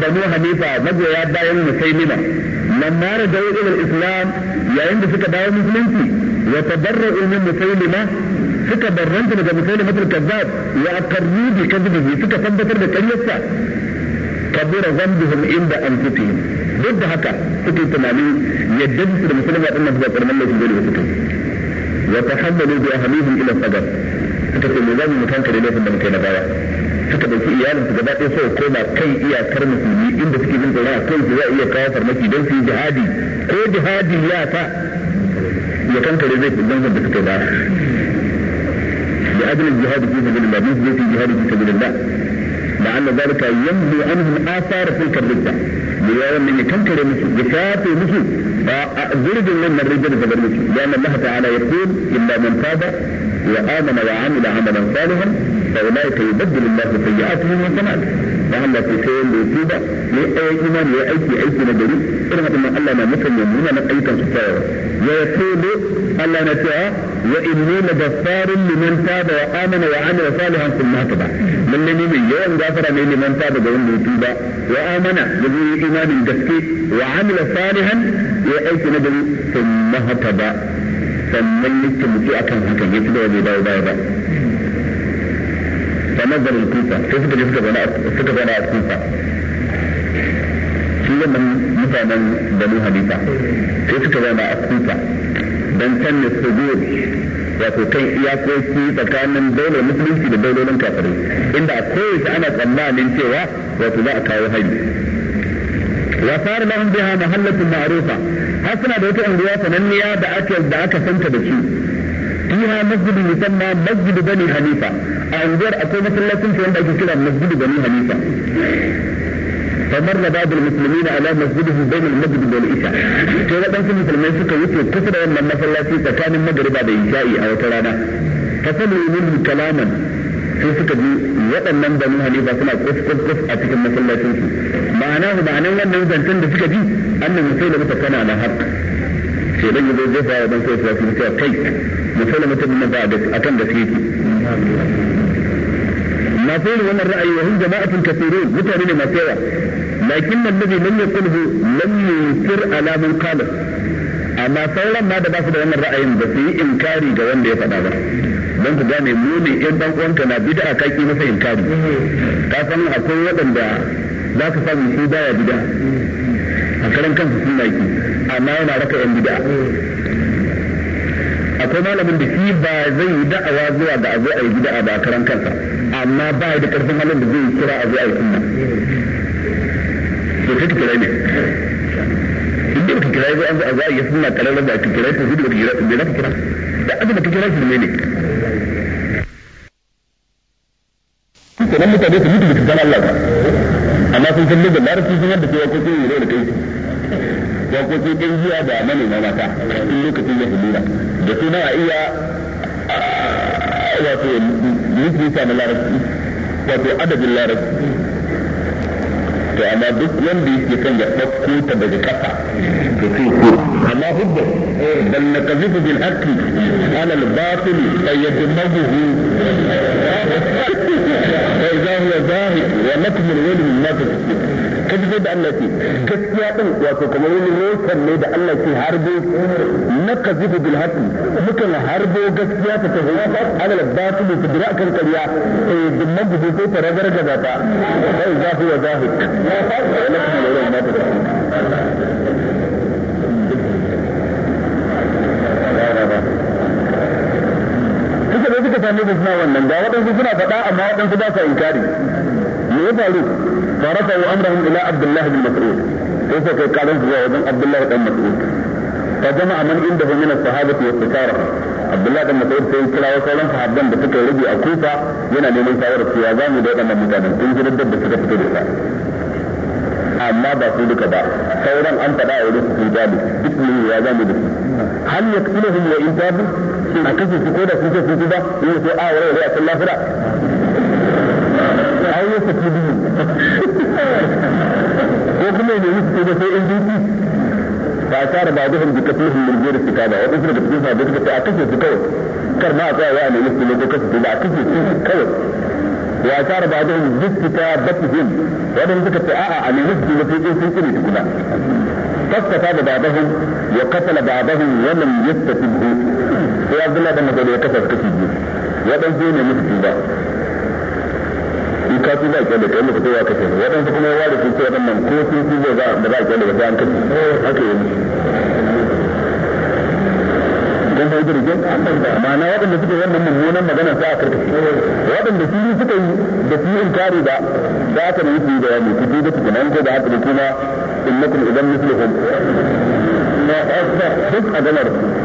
banu hanifa magoya bayan musailima lamma rajau ila islam yayin da suka dawo musulunci wa tabarra'u min musailima suka barranta daga musailima al-kazzab wa aqarru bi kadhibihi suka tabbatar da ƙaryarsa kabura zambihum inda anfusihim duk da haka suke tunanin yadda su da musulma din nan ba karman laifin dole suke wa tahammalu bi ahlihim ila sadar suka ce me za mu kankare laifin da muke na baya suka dauki iyalin su gaba ɗaya sai koma kan iyakar musulmi inda suke jin tsoron a kan su za a iya kawo farmaki don su yi jihadi ko jihadi ya ta ya kankare zai zan da suke ba لأجل الجهاد في سبيل الله من في جهاد في سبيل الله لعل ذلك يمضي عنهم آثار تلك الردة ليوم من يكنكر مثل مثل من فبر لأن الله تعالى يقول إلا من تاب وآمن وعمل عملا صالحا فأولئك يبدل الله سيئاتهم حسنات وعلى تسين لتوبة لأي إيمان لأي أي نجري إرهب أن الله ما مثل يمنون أن أي تنسفاوة ويقول الله نتعى وإنني غفار لمن تاب وآمن وعمل صالحا ثم تبع من لم يمن يوم غفر من لمن تاب وقوم بيتوبا وآمن يقول إيمان جسكي وعمل صالحا وأيك نبي ثم تبع ثم لك مكي أكام حكم يتبع ويبا ويبا ويبا فنظر الكوفة فسد جسد غناء فسد غناء الكوفة شيئا من مثلا غناء الكوفة don kan da sujud wato kan iyakoki tsakanin daular musulunci da daularin kafirai inda a kowace ana tsammanin cewa wato za a kawo hari wa fara lahum biha mahallatun maarufa har suna da wata unguwa sananniya da aka da aka santa da su fiha masjidu musamma masjidu bani hanifa a unguwar akwai masallacin wanda ake kira masjidu bani hanifa فمر بعض المسلمين على مسجده بين المسجد والعشاء to waɗansu musulmai suka wuce kusa da wannan masallaci tsakanin magariba da isha'i a wata rana fasalu minhu kalaman sai suka ji waɗannan banu halifa suna kus kus kus a cikin masallacin su ma'ana ma'anan wannan zancen da suka ji annan musulmi ta kana na haqq sai dan yazo zai fara dan sai su kai musulmi ta bin ba akan da ki فاعطون wannan الرأي وهم جماعة كثيرون kathirun mutane ne لكن yawa lakin alladhi لم يسر على من قاله أما qala amma sauran ma da ba su da wannan ra'ayin ba su yi inkari ga wanda ya faɗa ba don ku gane mu in dan uwanka na bid'a ka ki masa inkari ka san akwai waɗanda za ka samu shi baya bid'a a karan kansu suna ki amma yana raka yan bid'a akwai malamin da shi ba zai yi da'awa zuwa ga azo a yi bid'a ba a karan kansa amma ba da karfin halin da zai kira a zai a yi sunna to sai ta kira ne inda ba ta kira zai an za a yi sunna karar da ta kira ta zuwa ba ta kira da ta kira da aka ba ta kira shi ne ne nan mutane su mutu da san Allah ba amma sun san da larabci sun yadda cewa ko sai yare da kai ya ko sai dan jiya da manema mata in lokacin ya hulura da suna iya wato literature na larabci wato adabin larabci to amma duk wanda yake kan ya ɗauko ta daga ƙasa to sai ko amma hujja bal naqzifu bil haqqi ala al batil fayyadmahu إذا إيه، هو ظاهر ومتم الولي من نظر كيف تبقى التي كيف يعطل وكما يقول له سميد الله في حربه نكذب بالهتم ممكن حربه كيف يعطل على الباطل في دراء كالكالياء في دمج بيته ترى درجة ذاتا هو ظاهر ومتم الولي من نظر suka zo suka same da suna wannan ga waɗansu suna faɗa amma waɗansu ba sa inkari me ya faru farafa wa amrahum ila abdullahi bin mas'ud sai suka kai karan su zuwa wajen abdullahi dan mas'ud fa jama'a man indahu min as-sahabati wa sukara abdullahi dan mas'ud sai kira wa sauran sahabban da suka rage a kufa yana neman shawarar cewa za mu da waɗannan mutanen sun ji da suka fito da sa amma ba su duka ba sauran an faɗa a wurin su sun jabi duk mun ya zamu da su hal yaktuluhum wa in tabu a kashe su ko da su ce su ba yau sai a wurin da Allah fura ai yau saki biyu ko kuma ne yi su da sai in duki ba a tsara ba duhun da kafin mulge da suka ba wadansu da kafin sabu suka ce a kashe su kawai kar ma a tsaya wa ne musu ne ko kashe su ba a kashe su kawai wa tsara ba duhun jistika batihim wadansu suka ce a'a a ne musu ne sai in sun kiri tukuna فاستفاد بعضهم وقتل بعضهم ولم يستفده sai abdullahi dan masoud ya kasa kashi biyu ya dan zo ne musu duba in ka fi za a da kai muka kowa su waɗansu kuma ya da kuka ko sun fi zai ba za a da bayan kashe haka yi musu sai jirgin ma'ana suke wannan mummunan magana a karkashe waɗanda su yi yi da su yi ba da ne su yi da wani da ko da haka da kuma innakum idan duk a ganar su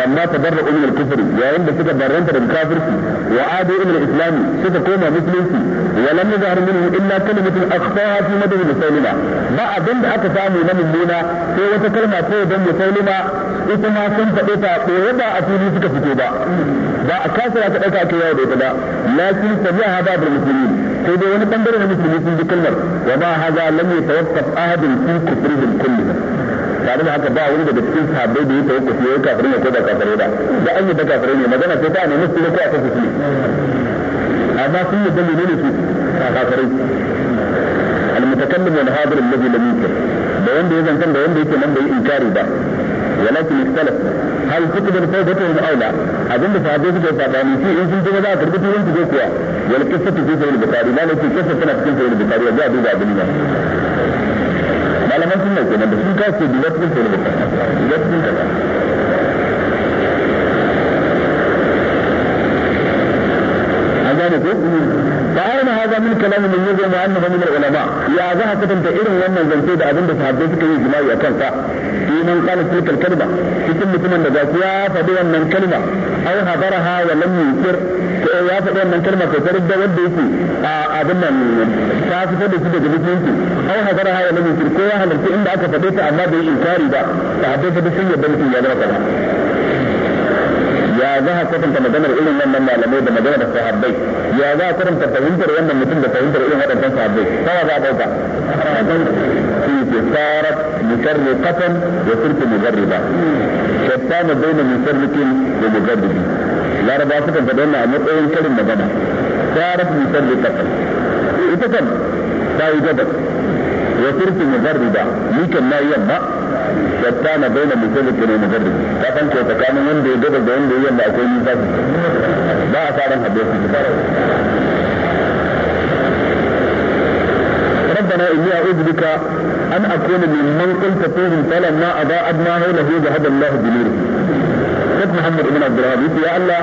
لما تبرئوا من الكفر يا ان كده برنت الكافر وعادوا الى الاسلام كده كما مسلمين ولم يظهر منه الا كلمه اخفاها في مدن مسلمة ما اظن حتى سامي لم يلينا في وتكلم في دم مسلمة اسمع سنت ايتا ويبا اتولي سكا فتوبا كوبا اكاسر كاسر ايتا كي يوضي تلا لكن سمعها باب المسلمين كيف يوني تنبرنا المسلمين في كلمة وما هذا لم يتوقف احد في كفرهم كلهم tare da haka ba wani daga cikin sabbai da ya tawo kusi ya yi kafirin ya ko da kafirai ya da an yi da kafirai ne magana sai ta nemi su ne ko a kafa su ne amma sun yi dalilin ne su kafirai almutakallim wani hadirin mafi lamikin da wanda ya zancan da wanda yake nan bai inkari ba walakin istalaf hal kutu da kai bata wani aula abin da sahabbai suka yi sabani shi in sun tuba za a karbi turin su ko kuwa wani kisa tuke sai wani bukari ba na ce kisa tana cikin sai wani bukari ya zuwa duba abin nan مجھے ان کا کھوج کر من كلام من يزعم أنه من العلماء يا ذا كتبت إيرن لما زنتي ذا أبن بس حدث كي يجمع يكنفا في من قال تلك الكلمة في كل مثل من ذاك يا فبيا من كلمة أو حضرها ولم يكر يا فبيا من كلمة فترد وديتي آه، أبن من فاس فبيا سبب جبتينتي أو حضرها ولم يكر كوها هل تئن بأك فبيت أما بي إنكاري ذا فحدث بسي يبنتي يا ذا كلمة ya za ka kwatanta maganar irin wannan malamai da maganar sahabbai ya za ka kwatanta fahimtar wannan mutum da fahimtar irin waɗannan sahabbai kawai za ka ɗauka صارت مشرقة وصرت مغربة شتان بين مشرق ومغرب لا ربا سكن فدونا أمطعين كلمة جمع صارت مشرقة إتكم تاي جبل وصرت مغربة لكن ما يبقى فتانا بين المسلك والمدرب كفن كي تكان من دي قبل دي اللي يلا اكو يوسف لا اثارا حبيبي ربنا اني اعوذ بك ان اكون ممن قلت فيهم فلما ما اضاء ابناه له ذهب الله بنوره كتب محمد بن عبد الوهاب يقول يا الله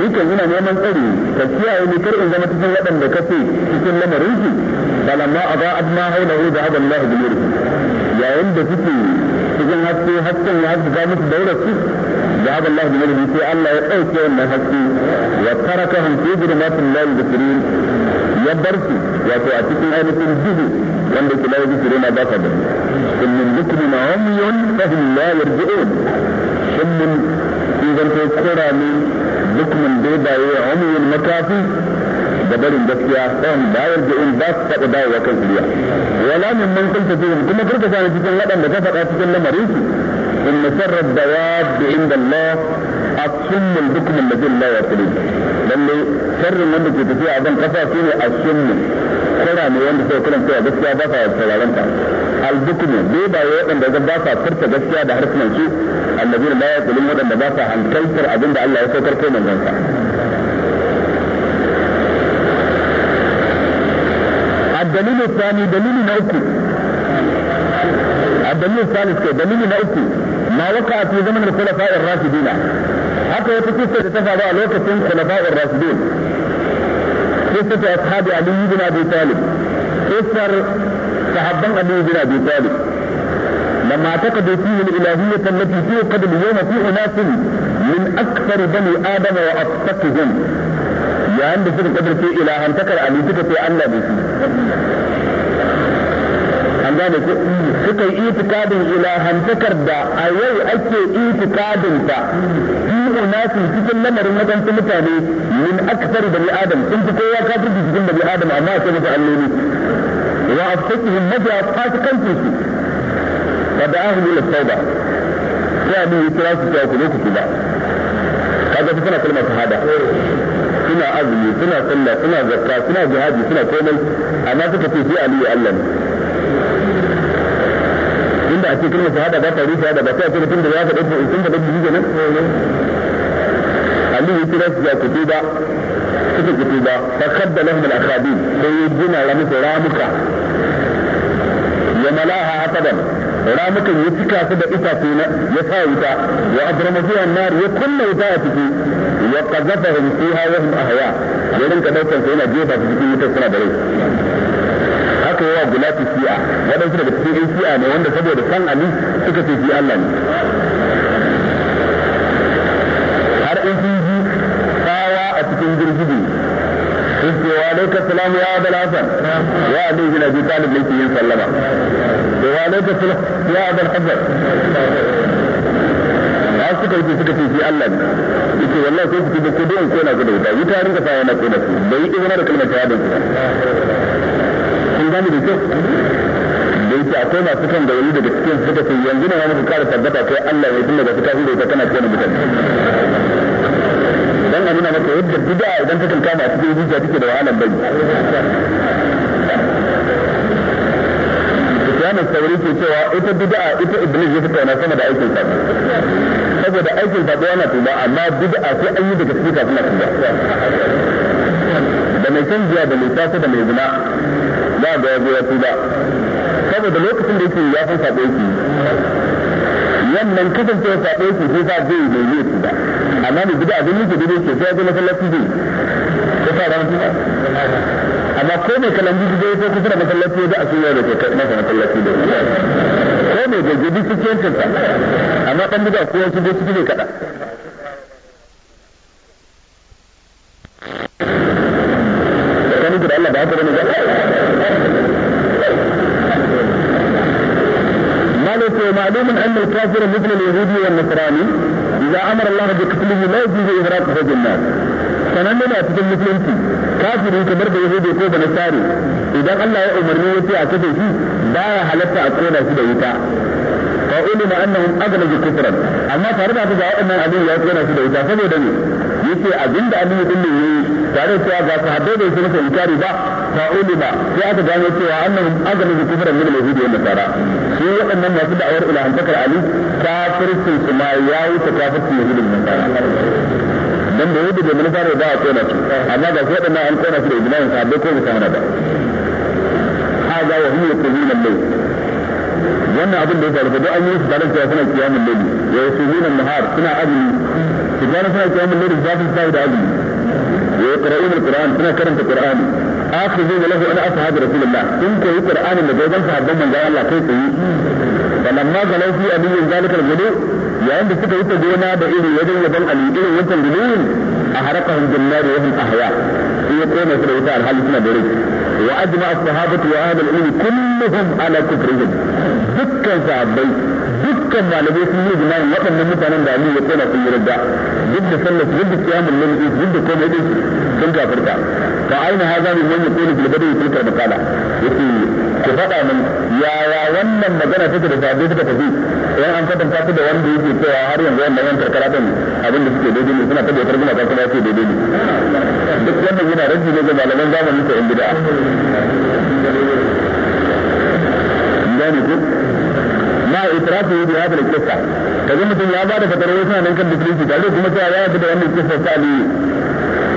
ليك هنا يوما قري تسيا ولكر ان لم تكن غدا بكفي تكن لمريكي فلما اضاء ابناه له ذهب الله بنوره يا عند تكي cikin haske hasken ya shiga musu daura su ذهب الله بمجد في الله يقوك يوم هكي وتركهم في ظلمات الله يبصرين يبرسي وفي أتكين أين تنجيه وانك لا يبصرون بصدا ثم من ذكر عمي فهم لا يرجعون ثم إذا تذكر من ذكر من بيضاء عمي مكافي da gaskiya kan da in ba su taɓa dawowa kan shirya wala min man kunta fihim kuma karka sani cikin da ka faɗa cikin lamarin su إن inda Allah عند الله السم البكم الذي لا يقلد لأنه شر من التي ke عدم a فيه السم su ne ne wanda sai kiran cewa gaskiya ba sa sauraron ta albukumu bai ba waɗanda ga ba sa furta gaskiya da harsunan su annabi la yaqulun waɗanda ba sa hankaltar abinda Allah ya saukar kai manzon sa الدليل الثاني دليل نأكل الدليل الثالث دليل نأكل ما وقع في زمن الخلفاء الراشدين حتى يتكسر تفعل على وقت الخلفاء الراشدين قصة أصحاب علي بن أبي طالب قصة صحابة علي بن أبي طالب لما اعتقدوا فيه الإلهية التي قبل اليوم في أناس من أكثر بني آدم وأصدقهم yayin da suka kadarce ilahantakar ali suka ce Allah da shi an gane ko suka yi itikadin ilahantakar da a yau ake itikadin ta fi unasin cikin lamarin wadansu mutane min aksar bani adam sun fi kowa kafirci cikin bani adam amma a ce musu alloli wa afsakihim mafiya fasikancin su wa da ahu ila tauba sai abin yi kira su ta ku lokaci ba kaga suna kalmar shahada suna azumi suna sallah suna zakka suna jihadi suna komai amma suka ce shi aliyu Allah ne inda ake kalmar shahada ba ta rufe shahada ba ta ce mutum da ya faɗa tun da dabbi kenan aliyu kira su ya kutu ba suka kutu ba fa kadda lahum al akhadin sai ya gina ramuka ramuka ya malaha asadan ramukan ya cika su da itace ya sa wuta ya abrama zuwa nar ya kunna wuta a ciki wa qazafahum fiha wa hum ahya ya rinka daukar su yana jefa su cikin wutar suna da rai haka yawa gulati shi'a wadansu daga cikin yan shi'a ne wanda saboda san ali suka ce shi Allah ne har in sun ji tsawa a cikin girgiji sun ce wa alaika salam ya abul hasan ya ali bin bi talib ne ke yin sallama to wa alaika salam ya abul hasan har suka rufe suka ce shi Allah ne yace wallahi sai su ce ko don ko na ku da wuta wuta rinka fa yana ko da su bai yi wani da kalmar shahadar su kun gani da kyau da yake akwai masu kan da wani daga cikin suka ce yanzu ne wani kara tabbata kai Allah ya tunda da ta hure ta kana cikin mutane dan a nuna maka yadda bid'a idan ta kama a cikin zuciya take da wahalar bai Sufyan al ke cewa ita bid'a ita Iblis ya fi na sama da aikin sa saboda aikin sabo yana tuba amma bid'a sai an yi daga cikin kafin na tuba da mai can jiya da mai tasa da mai zina za ga ya zo ya tuba saboda lokacin da yake ya san sabo yake wannan kasancewa sabo yake sai sa zai mai zai tuba amma mai bid'a abin yake daidai ke sai ya zo sallar zai ko ta ran tuba amma ko mai kalan jiji zai ko kusa da masallaci ya ga a sun yau da ke masa masallaci da kare mai gaggabi cikin cinta amma ɗan buga ko wasu dai ciki ne kaɗan kan da Allah ba haka bane مالك ومعلوم أن الكافر مثل اليهودي والنصراني إذا أمر الله بقتله لا يجوز إغراقه في النار sanan yana cikin musulunci kafiri kamar da yahudi ko da nasari idan Allah ya umarni ya ce a kace shi baya halatta a kona su da wuta fa ma annahum aghlaju kufran amma tare da ga wannan abin ya kona su da wuta saboda ne yace abinda annabi din ne yayi tare da cewa ga hado da su ne inkari ba fa ulima sai aka gano cewa annahum aghlaju kufran min al-yahudi wa nasara shi waɗannan masu da'awar takar ali kafircin su ma ya ta kafircin yahudi da nasara dan da yadda bai manufa da za a kona su amma ga su waɗannan an kona su da ibnan sahabbai ko ba su hana ba هذا وهو طويل الليل جنة أظن بيت الله فدو أمي في ذلك سنة قيام الليل ويصومون النهار سنة أجل سجانة سنة قيام الليل الزافة الزافة أجل ويقرؤون القرآن سنة كرم القرآن آخر زيد له أنا أصحاب رسول الله إنك القرآن اللي جايبان صحاب دوما جاء الله كيف هي فلما قالوا في أمي ذلك الغدو يوم يعني بسكة يتجونا بإيه يدن يبن علي إيه يتجلون أحرقهم جنار وهم أحياء في يقوم يسرعوا تعالى حالي سنة بريد واجمع الصحابه واهل العلم كلهم على كفرهم دكا صحابي دكا malamai sun yi ijma'i waɗannan mutanen da Aliyu ya kona sun yi radda duk da sallar duk da kiyamun lalli duk da komai din sun kafirta fa aina haza min man yaqulu bil badawi tilka maqala yace ku faɗa min yaya wannan magana take da sahabbai suka idan an kwatanta su da wanda yake cewa har yanzu wanda yan karkara din abin da suke daidai ne suna ta bautar gina kuma su daidai ne duk wannan yana rage ne ga malaman zamanin ta in bid'a gane ku ma itirafi yi da hadal kissa kaga mutum ya bada fatar wasu nan kan ta tare kuma cewa ya yi da wannan kissa ta ali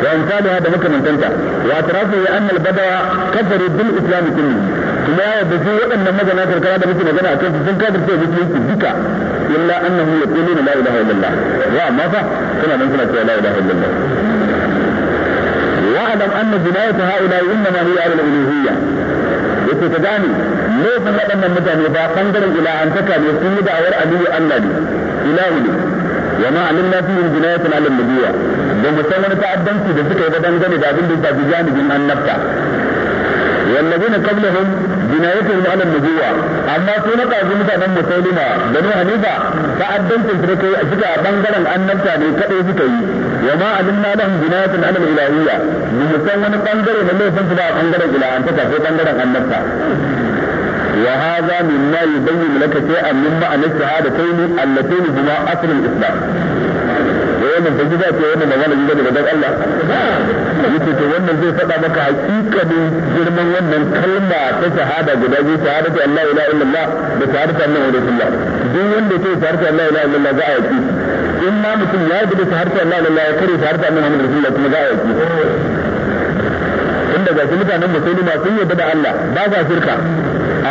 wa amsalha da makamantanta wa itirafi ya annal badawa kafaru bil islam kullu kuma ya da su waɗannan magana karkara da muke magana a kansu sun kafir sai musulunci duka illa annahu yaquluna la ilaha illallah wa amma fa suna nan suna cewa la ilaha illallah واعلم ان جنايه هؤلاء انما هي على الالوهيه yace ka gane laifin waɗannan mutane ba ɓangaren ilahantaka ne sun yi da'awar aliyu Allah ne ilahu ne wa ma alimna fihim jinayatan ala nabiyya ba mu san wani ta'addanci da suka yi ba dangane da abin da ya shafi janibin annabta والذين قبلهم جنايتهم على النبوة أما سنة أظن من مسلمة بنو حنيفة فأدنت تركي أشكا بنجرا أن نبتا لكأي بكي وما علمنا لهم جناية على الإلهية من مسلمة بنجر من ليس إلى أن تتفي بنجرا أن نبتا وهذا مما يبين لك شيئا مما أن الشهادتين اللتين هما أصل الإسلام wannan tafi za ta wannan magana ji daga dan Allah yace to wannan zai faɗa maka hakikanin girman wannan kalma ta shahada guda biyu shahadatu Allah ila illallah da shahadatu Allah wa rasulullah duk wanda ke shahadatu Allah ila illallah za a yi in ma mutum ya gudu shahadatu Allah ila illallah ya kare shahadatu Allah wa rasulullah kuma za a yi tun daga shi mutanen musulma sun yarda da Allah ba sa shirka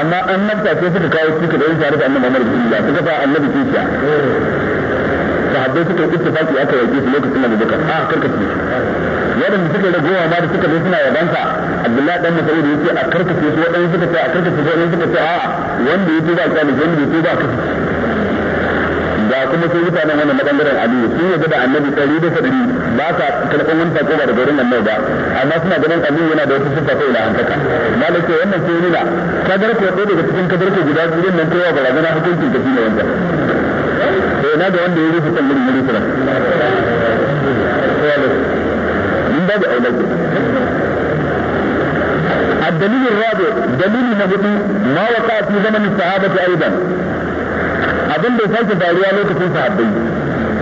amma an nafsa sai suka kawo suka da yin shahadatu Allah wa rasulullah suka fa annabi kiciya sahabbai suka yi ittifaki aka yake su lokacin Abu Bakar a ah, karkace su yaron da suka ragowa ma da suka zo suna yabansa Abdullah dan Mas'ud yace a karkace su wadannan suka ce a karkace su wadannan suka ce a wanda yake ba kana wanda yake ba kace da kuma sai mutanen wannan madangaren aliyu sun yadda da annabi ɗari da ɗari ba sa karɓar wani sako ba da garin annabi ba amma suna ganin aliyu yana da wasu siffa kai na hankaka malam ce wannan sai nuna kadar ko ɗaya daga cikin kadar ko guda biyu nan kowa barazana hukuncin tafi na wanda to na da wanda ya rufe kan gudun wani kira in babu aulaku الدليل الرابع دليل نبوي ما وقع في زمن الصحابة أيضا أظن بفاجة داريا لوك في صحابي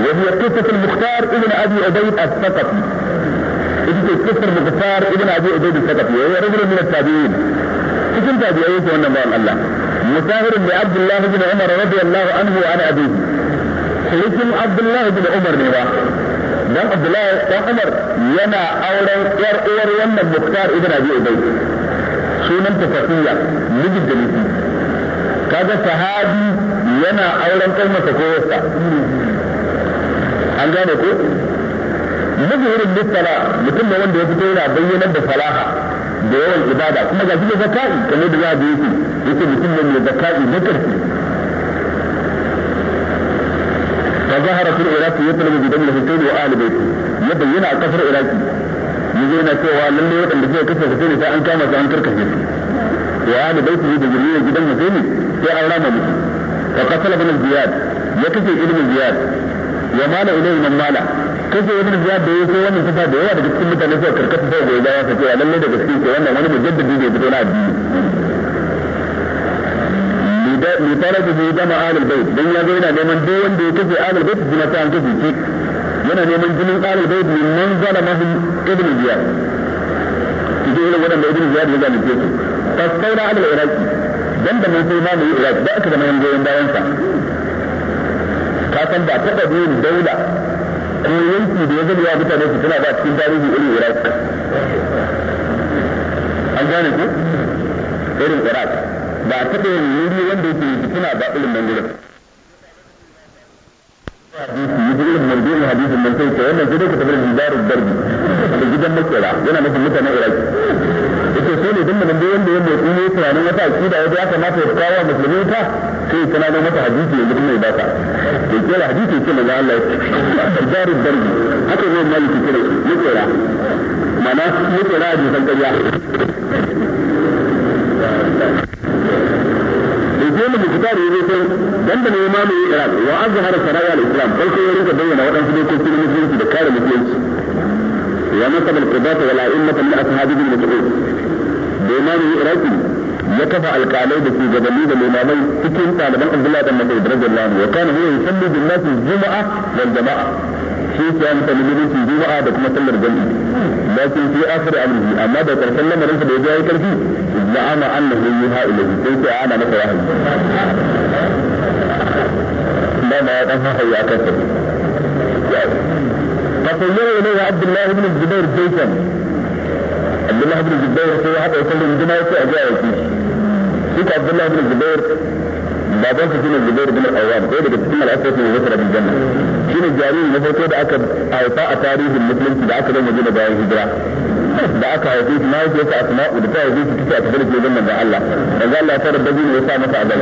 وهي قصة المختار ابن أبي عبيد الثقفي ita ce kisar mukhtar ibn abi ubayd al-saqafi wa rajul min at-tabi'in cikin tabi'ai yake wannan bawan Allah musahir bi Abdullah ibn Umar radiyallahu anhu wa an abihi sirikin abdullahi bin umar ne ba dan abdullahi dan umar yana auren yar uwar wannan muktar ibn abi ubay sunan ta safiya miji da miji kaga sahabi yana auren kai masa wasa an gane ko wurin bisala mutum ne wanda ya fito yana bayyanar da salaha da yawan ibada kuma ga shi zaka'i kamar da za a yake yake mutum ne mai zaka'i na karfi فظهر في العراق يطلب بدم الحسين a بيته يبين على كفر عراقي يجي هنا cewa lalle wadanda suka kafa Husaini sai an kama su an karkashe su wa ahli baiti da zuriyar gidan Husaini sai an rama musu wa qatala ibn Ziyad ya kace ibn Ziyad ya mala ilayhi man mala kace ibn Ziyad da yake wannan tafa da yawa daga cikin mutane a suka karkata sai a baya sai lalle da a wannan wani mujaddidi ne fito a addini li talabihi dama ahlul bait dan ya zo yana neman duk wanda ya kace ahlul bait kuma sai an kace shi yana neman jinin alal ahlul bait min man zalamahu ibn ziyad kike irin wadanda ibn ziyad ya zalunce su fastaula ala iraki dan da mun sai mamu iraki da aka zama yan goyon bayan sa ka san ba taba biyun daula ko yanki da ya zama ya mutane su tana ba cikin tarihi irin iraki an gane ku irin iraki ba a taɓa yin wuri wanda yake yi suna ba wannan tafi da jibarun darbi da gidan makera yana nufin mutanen iraki yake so ne wanda ya motsi ne tunanin wata akida wanda ya ya kawo musulmi ta sai kana hadisi baka da hadisi ce Allah ya darbi haka maliki kira makera mana makera sai mu kitab ya zo dan da ne ma mu yi iran wa azhar saraya al-islam sai ya rinka bayyana wadansu dokokin musulunci da kare musulunci ya masa bil qibata wal a'immata min ashabi bil mas'ud da ma mu yi iraki ya kafa alƙalai da shugabanni da limamai cikin ɗaliban Abdullahi dan Mas'ud radiyallahu anhu wa kana huwa yusalli bin nas juma'a wal jama'a shi ya mutane musulunci juma'a da kuma sallar jami'i lakin fi akhir amrihi amma da karshen lamarin da ya ji karfi انا انا اللي ها الى البيت انا لك واحد أنا ما انا هي اكثر فقلنا له يا عبد الله بن الزبير بيتا عبد الله بن الزبير في واحد يقول لي ما يسوى اجاوز فيك عبد الله بن الزبير ما بنت فينا الزبير بن الاوام ايه اللي بتسمى الاسد من غفر ابن الجنه شنو الجارين مثلا كده اكد اعطاء تاريخ المسلم في العصر المدينه بعد الهجره da aka haife shi na yake asma da ta haife shi take a tafi da ke zama da Allah manzo Allah ya fara dabino ya sa masa azal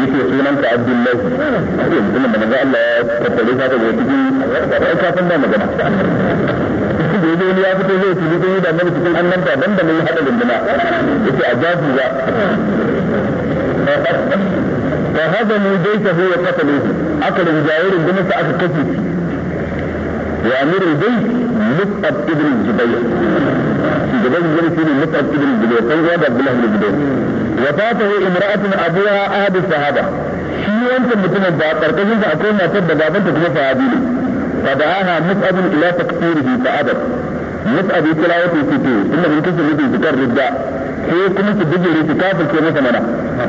yake sunanta Abdullahi yake mutumin da manzo Allah ya tattare ta daga cikin ɗan kafin da magana da wani ya fito zai fito zai da mana cikin annan ta dan da mun hada dindina yace a jafi ba fa hada mu dai ta huwa qatalu aka rinjaye rundunar sa aka kace وامير البيت متعب ابن الزبير الزبير الذي كان ابن الزبير كان جواب عبد الله بن الزبير وفاته امرأة ابوها احد الصحابة شنو انت مثل ما باكر كيف انت اكون ما تبدا بابنت كما فعابيلي فدعاها متعب الى تكثيره فابت متعب في يتيتو ثم من كثير يتي ذكر رداء هي كما تدجي الاتكاف مثلا ثمنا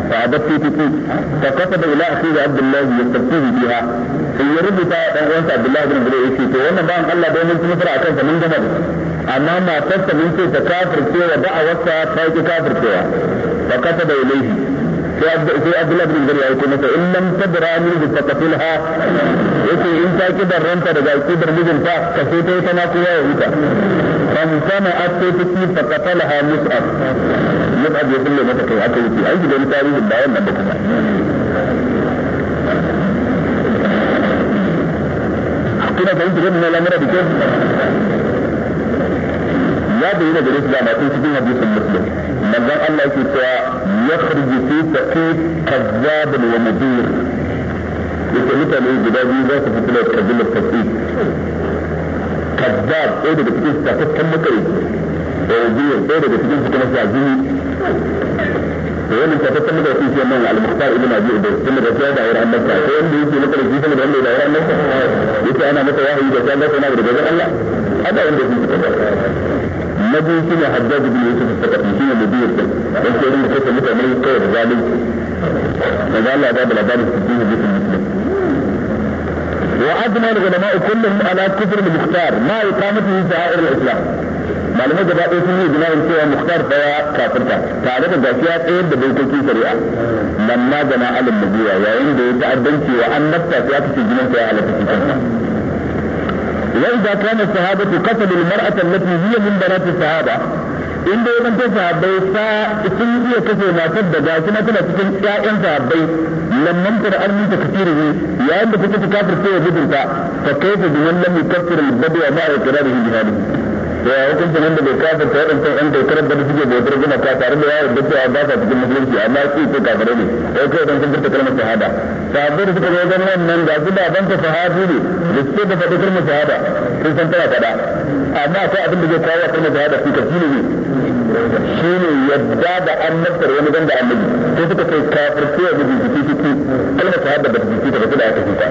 فابت يتيتو فقصد الى اخيه عبد الله يستفيه بها in ya rubuta dan uwansa Abdullahi bin Zubair yace to wannan bayan Allah dai mun kuma fara akan sa mun gama amma matarsa mun ce ta kafirce wa da'awarsa ta ki kafircewa fa kata da ilaihi sai Abdullahi bin Zubair ya ce masa in lam tadra min bi taqtilha yace in ta ki barranta daga kidar mijinta ka sai ta ita ma kowa ya huta فامتنع التوتي فقتلها مصعب مصعب يقول له متى كي أتوتي أي جدول تاريخ الدعوة ما بكتها كنا فهمت كيف من الأمر بكيف ya bayyana gare su dama tun cikin hadisin muslim manzon Allah yake cewa ya khurji fi taqib kazzab wa mudir yake mutane guda biyu za su fito da kabilar taqib kazzab ɗaya daga cikin sakakkan makari da mudir ɗaya daga cikin su kuma shazini ومن تفتح مدى في سيما على المختار ابن ابي عبيد ثم رجع دائر عن مكه فين بيجي مثلا في سيما بيعمل انا متى واحد اذا كان عنده في النبي سنة حجاج بن يوسف الثقفي سنة مدير بس يقول لك كيف مثلا من الكير ظالم فقال الله باب العباد الستين بيت المسلم وأجمع العلماء كلهم على كفر المختار ما إقامته شعائر الإسلام معلومة بقى ايسي يجنا انتو مختار فيا كافر كافر تعرف الجاسيات ايه ده بيكو سريعه سريعا لما جنا علم المجيوة يا يعني ايه ده يتعبنتي وان نفتا فيا كي جنا فيا على كي وإذا كان الصحابة قتل المرأة التي هي من بنات الصحابة إن ده يبنتو صحابة فا اتن ايه كسو ما تبدا جاسنا كنا تكن يا ايه صحابة لم ننتر ارمي تكتير هي يا انت كنت تكافر فيها فيا فكيف بمن لم يكفر البدو ومعه كراره جهاده to ya hukunci nan da bai kafin ta waɗancan ɗan ta da suke bautar gina ka tare da yawon da cewa ba sa cikin musulunci amma su ko kafirai ne sai kai don sun kalmar shahada sahabbai da suka zo wajen nan nan ga su ban ta sahabi ne da suke da faɗi kalmar shahada sun san tana faɗa amma akwai abin da zai kawo kalmar shahada su ka shine shine yadda da an nasar wani ganda annabi sai suka kai kafir sai ya gudu jiki jiki kalmar shahada ba jiki ta ba su da aka fita.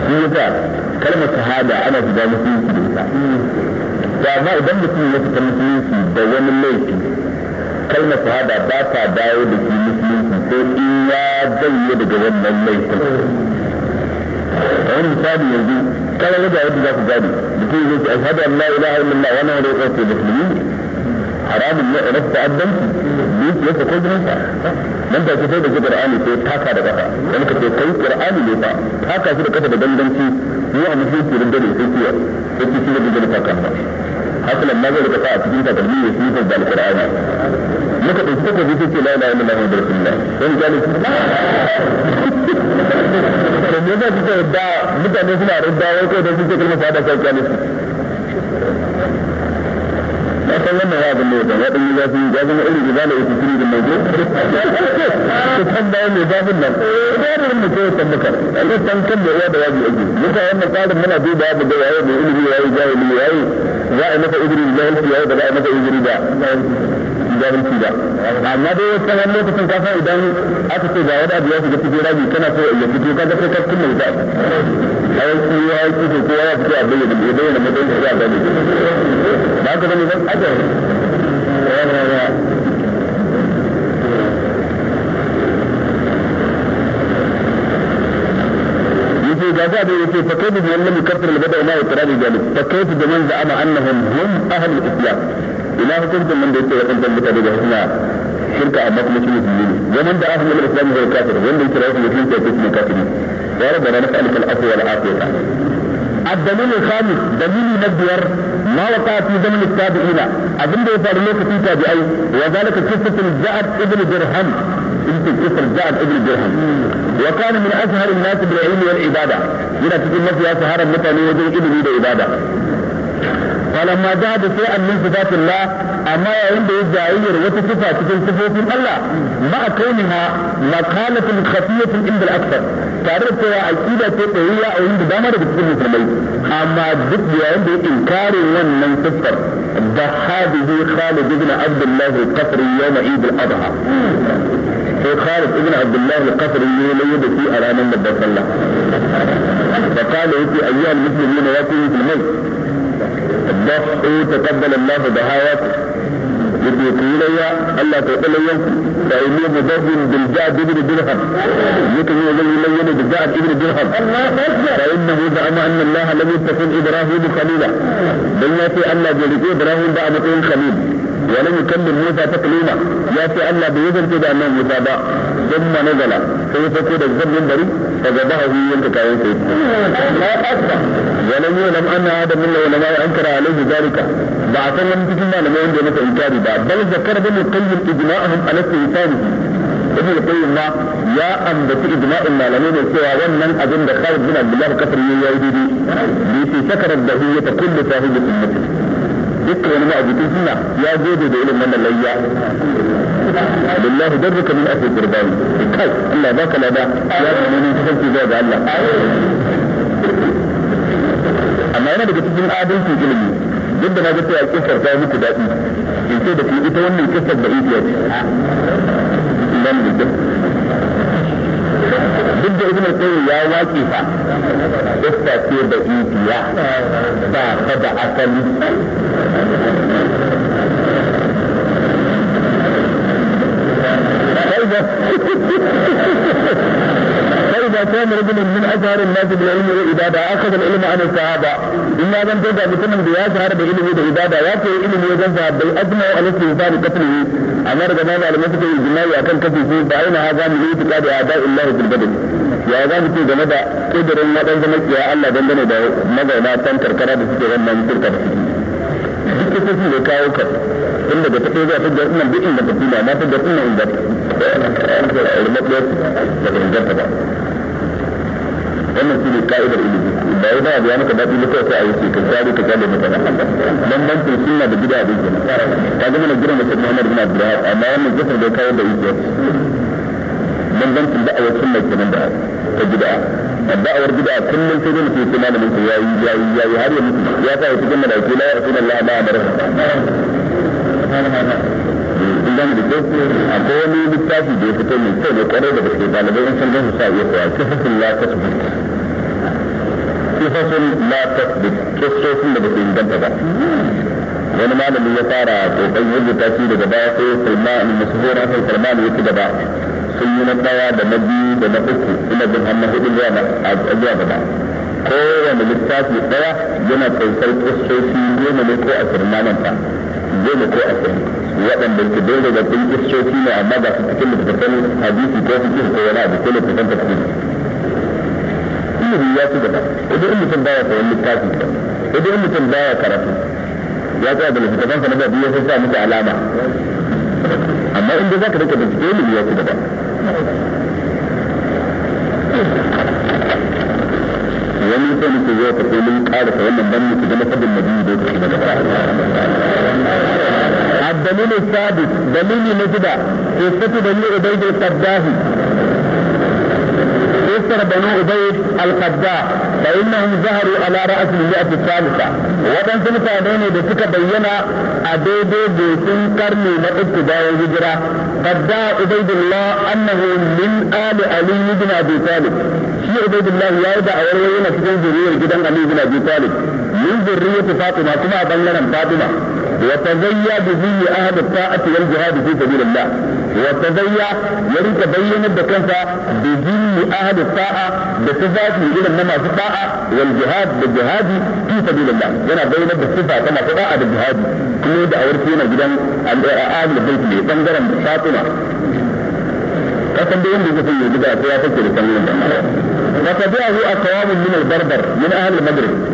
Shi yasa كلمة شهادة أنا في دامة نيسي بيسا فما إذا مثل نيسي كلمة نيسي دوام الليك كلمة في باتا داود في مثل نيسي في يا دي في الليك وأنا في يجي كان في عبد الله في في ذلك بكي يجي أشهد أن لا إله إلا الله وأنا هو رئيس المسلمين حرام أن نفس أدم بيت يسا كل دنسا من تأتي فيه بجي قرآني فيه تاكا دقاء ولكن في قيب قرآني لفا تاكا فيه قتل دنسي shi a musulunci da dare sai sai ki da dare kan ba hasalan ma zai rika a cikin takalmi ya shi da alqur'ani muka dauki ta gobe sai la ilaha illallah muhammadur rasulullah dan gani to ne da kike da mutane suna rubda wai ko da suke kalmar shahada sai kalmar ka san wannan ya abin da ya zama ɗan ya zama ya zama irin da zama ya fi da mai zo ka san mai zafin nan ya da mu ko san maka Allah san da ya da wajibi ake muka wannan tsarin muna duba da da yayi da ilimi yayi jahili yayi za a maka izini da jahilci yayi da za a maka izini da jahilci ba amma dai wata wani lokacin ka san idan aka ce ga wani abu ya shiga cikin rabi kana so ya fito kaga sai ka kunna wuta أو كي أو كي في كي أو كي أبدي بدي بدي أنا بدي كي أبدي ما كده بدي أجر يجي جزاء يجي فكيف بمن لم يكفر البدء ما يقرأ بذلك فكيف بمن زعم أنهم هم أهل الإسلام إلى حكمت من بيت وأنت بتبدأ هنا شركة أبقى مسلمين ومن دعاهم إلى الإسلام هو الكافر ومن دعاهم في الإسلام الكافر وربنا نسألك العفو والعافية الدليل الخامس دليل نبير ما وقع في زمن التابعين أظن ده يفعل في تابعي وذلك قصة الزعب ابن درهم قصة الزعب ابن درهم وكان من أشهر الناس بالعلم والعبادة إذا تكون نفسها سهارا متى وجه إبن عبادة فلما جهد شيئا من صفات الله اما عنده الزعير وتصفى تكون صفات الله مع كونها مقالة خفية عند الاكثر tare da cewa aƙida ce ɗoriya a wani da dama daga cikin musulmai amma duk yayin da yake kare wannan siffar da hadihi Khalid ibn Abdullah al-Qasri yawm Eid al-Adha sai Khalid ibn Abdullah al-Qasri ne ne da shi a ranar babbar sallah fa kana yake ayyuhal muslimin wa kuntum muslimin ضحوا تقبل الله دعاءكم لبيتيليا الله تقليا فإني مضر بالجعد بن درهم يكن الذي لين بالجعد بن درهم فإنه زعم أن الله لم يتخذ إبراهيم خليلا بل يأتي الله جل إبراهيم بعد قول خليل ولم يكلم موسى تكليما يأتي الله بيدن كده أنه موسى ثم نزل فيفكر الذنب بريء فذبحه من تكاوته لا ولم يعلم أن هذا من العلماء أنكر عليه ذلك بعد لم تجمع لما ينجي مثل إنكار بعد بل ذكر ابن القيم إجماعهم على استهتانه ابن القيم يا أم بتي إجماع المعلمين سوى ومن أظن خالد بن عبد الله كفر يهودي في سكر الدهية كل صاحب أمته dukkan wani ma'abudin sunna ya gode da irin wannan layya billahi darruka min asir qurbani kai Allah baka lada ya ga mun kasance zuwa ga Allah amma yana daga cikin adalcin ilimi duk da na ga cewa kisar ta muku daɗi in ce da ku ita wannan kisar da idiya duk da ibn qayyim ya waki fa dukka ce da ibiya ba ta da asali فإذا كان رجل من أشهر الناس بالعلم والإبادة أخذ العلم عن الصحابة إما لم تدع بسنن بياس هرب علمه بالعبادة وكي علمه وجنسها بالأجمع التي ذلك قتله amma daga nan malamai suka yi jima'i akan kafin su ba yana ha zamu yi tuka da ada illahi bil badal ya za mu ce game da kudirin wadan zama kiya Allah dangane da mazauna kan karkara da suke wannan turka da suke duk kusa kawo ka tun daga tafiya zuwa tafiya ina duk inda tafiya na tafiya ina inda da inganta ba wannan shi ne ka'idar ilimi ba ba mutuwa sai a yi ka share ka sunna da bid'a da ka ga mana Muhammad bin Abdullah amma wannan da kawo da sunna kenan da ta bid'a da'awar bid'a kullum sai dai mutum malamin yayi yayi yayi har ya mutu ya sa la ma amara idan da akwai wani littafi da ya fito mai kyau da kwarai da gaske ɗalibai sun gan sa iya la ta su sahihatun la tasbit kistocin da ba su inganta ba wani malami ya fara kokarin rubuta shi daga baya sai sulman masuhura sai sulman ya ci gaba sun yi na daya da na biyu da na uku ina jin amma na hudu zuwa gaba kowane littafi daya yana kaisar kistoci goma ne ko ashirin namanta goma ko ashirin waɗanda ke dole da ɗin kistoci ne amma ba su cikin littattafan hadisi ko fikin ko wani abu ko littattafan tafsiri ilimi ya ci gaba idan in mutum baya koyon littafi idan in mutum baya karatu ya tsaya da littafansa na babu ya sa muku alama amma inda za ka rike bincike ilimi ya ci gaba wani sai muke zai karɓi mun ƙarasa wannan ban muke zama sabon madini da yake الدليل الثابت دليل نجدة قصة بني عبيد القداهي فكسر بنو أبي القداء فإنهم ظهروا على رأس المئة الثالثة وبن سنة أدين بسك بينا أبيد بسن كرمي لقد الهجرة قداء عبيد الله أنه من آل علي بن أبي طالب في عبيد الله يعود أولينا في ذرية جدا علي بن أبي طالب من ذرية فاطمة كما بلنا فاطمة وتزيى بذي أهل الطاعة والجهاد في سبيل الله Wata tazayya ya rika bayyanar da kansa da jinni ahli ta'a da tazafi irin na masu ta'a wal jihad da jihadi fi sabilillah yana bayyanar da sifa ta masu ta'a da jihadi kuma da aure yana gidan eh, ahli bait ne bangaren fatima kasan da yanda zai yi gida sai ya fake da kan wannan da ka bi'ahu aqwamun min al-barbar min ahli al-maghrib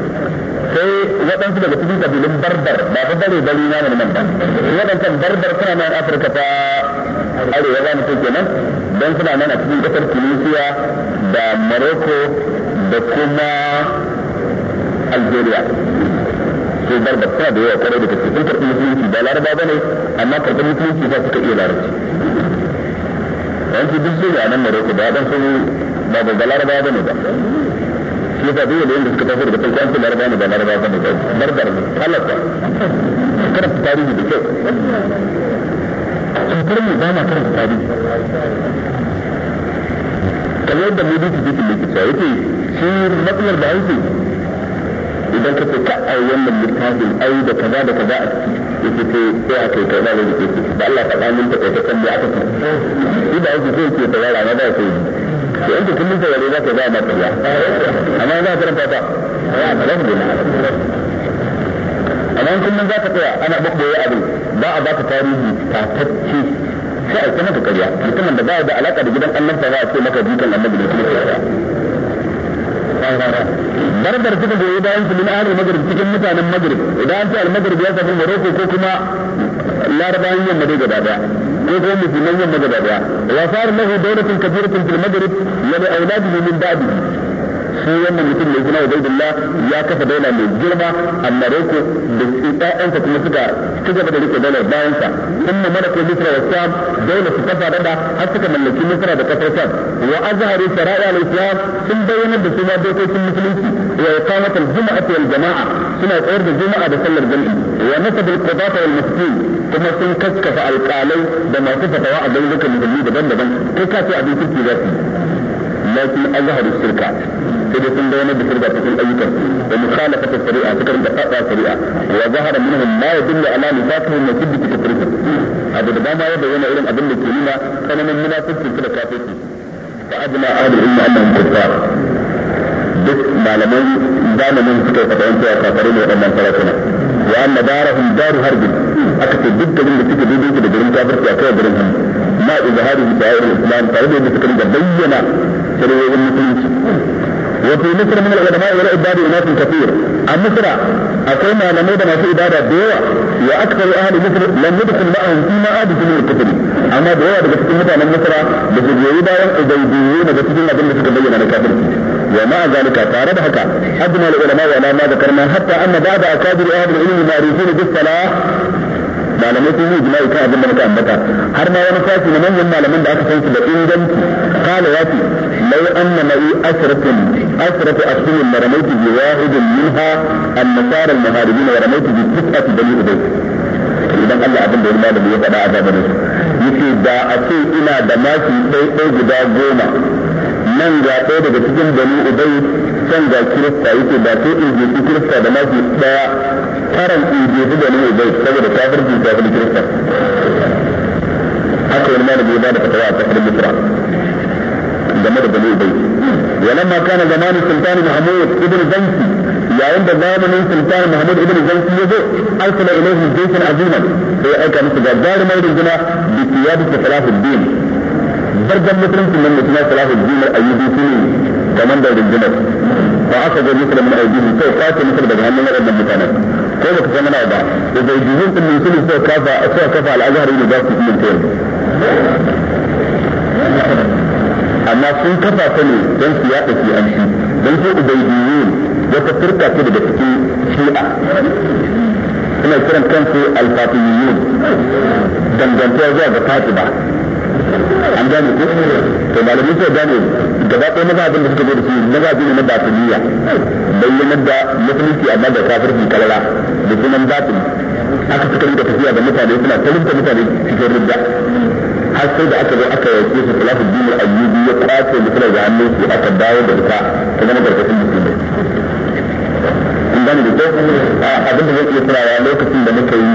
sai waɗansu daga cikin kabilun barbar ba ta bare bari na ne nan ba waɗancan barbar suna nan afirka ta arewa za mu ce kenan don suna nan a cikin ƙasar tunisia da morocco da kuma algeria su barbar suna da yawa kwarai da gaske sun karɓi musulunci ba laraba ba ne amma karɓi musulunci ba suka iya larabci yanzu duk zuwa nan morocco ba waɗansu ba da laraba ba ne ba shi yasa duk wanda suka tafi daga farko an ce laraba ne ba laraba ba ne barbar ne halatta karanta tarihi da kyau shekar mu ba ma karanta tarihi kamar da mu duka duka likita yake shi matsalar da aiki idan ka ce ka a wannan littafin ai da kaza da kaza a ciki yake ce sai a kai karɓa da yake da Allah ka ɗanin ta ta kan mu aka ce shi da aiki sai ke tawara na ba sai to in kullum ta yare za ka zama ƙarya amma za ka karanta ta za ku dena amma kullum za ka tsaya ana ɓaɓɓoye abin ba a ba ka tarihi tatacce sai a kuma ka ƙarya mutumin da ba da alaƙa da gidan Allah ta za a ce maka jikan annabi da kuma ƙarya barbar suka goyi bayan su min ahlul maghrib cikin mutanen maghrib idan an ce al maghrib ya tafi maroko ko kuma larabawan yamma dai gaba daya يقوم بنية مجددها وصار له دولة كبيرة في المغرب لأولاده من بعده سيئا من يتم لإذنه وبيد الله يا كفى دولة من الجرمة المريك بالإطاء أنت كما سكى تجد ذلك دولة باونسا ثم ملك مصر والسام دولة كفى ربا حتى كما لكي مصر بكفى سام وأظهر سراء الإسلام ثم بينا بسماء بيت المسلمين وإقامة الجمعة والجماعة ثم أرد الجمعة بسل الجمعة ونسب القضاة والمسكين kuma sun kaskasa alƙalai da masu fatawa a garurukan musulmi daban-daban kai ka ce abin kirki za su lakin azharu shirka sai dai sun bayyana da shirka cikin ayyukan da mukhalafat shari'a suka rinka fada shari'a wa zahara minhum ma yadullu ala nifaqihim wa shiddati kufrihim abu da dama ya bayyana irin abin da ke nuna tsananin munafiki da kafirci fa adna ahli ilmi annahum kuffar duk malaman zamanin suka fada cewa kafirai ne waɗannan sarakuna wa anna darahum daru harbin aka ce duk garin da suka daidai ku da garin kafirci a kai garin hannu ma izhari bi da'ir al-islam tare da yadda suka rinka bayyana sarwoyin musulunci وفي مصر من العلماء والعباد أناس كثير مصر أقيم على مودة ما في إبادة دواء وأكثر أهل مصر لم يدخل معهم فيما عاد في الكتب أما دواء بكتب مدى من مصر بسجيه بايا إباديين بسجيه أدن تتبين على كافر ومع ذلك قارب هكا أجمع العلماء على ما ذكرنا حتى أن بعض أكابر أهل العلم المعروفين بالصلاة malamai sun yi jima'i kan abin da muka ambata har ma wani sashi na manyan malaman da aka san su da inganci kala ya ce lau anna ma'i asratun asratu asmin na ramaitu bi wahidin minha an-nasara al-muharibin wa ramaitu bi tis'ati bani ubay idan Allah abin da wani malami ya faɗa a zamanin su yace da a ce ina da maki ɗaiɗai guda goma nan ga ɗaya daga cikin bani ubay can ga kirista yake da sai in je kirista da maki ɗaya karan jefi da ne bai saboda kafirci kafin kirista haka wani malami ya bada fatawa a kasar misra game da bani bai ولما كان زمان السلطان محمود ابن زنكي yayin da zamanin sultan Muhammad ibn Zanki ya zo arsala ilaihi jaysan aziman sai ya aika musu gagarumar rundunar da kiyadatu salahuddin bardan musulunci nan mutum salahuddin al-ayyubi shine kamandar rundunar ba aka ga musulmin ayyubi sai kwace musul daga hannun waɗannan mutanen kai baka san wani ba da zai jizin din min sulus suka kafa a suka kafa al'azhar university din amma sun kafa ta ne don su yaɗa ki an shi don su ubaidiyun wata turka ce daga cikin shi'a suna kiran kansu alfatiyun dangantuwa zuwa ga fatima an gane ko to malamin sai gane gaba ɗaya mazhabin da suka zo da shi mazhabi ne na batiniya bayyanar da musulunci amma da kafirci kalala da sunan batini aka fitar da tafiya da mutane suna talinta mutane cikin rudda har sai da aka zo aka yauke su salafu dinin ayyubi ya kwace musulai da hannun su aka dawo da ita ta zama karkashin musulmai in gani da kyau da zai iya tunawa lokacin da muka yi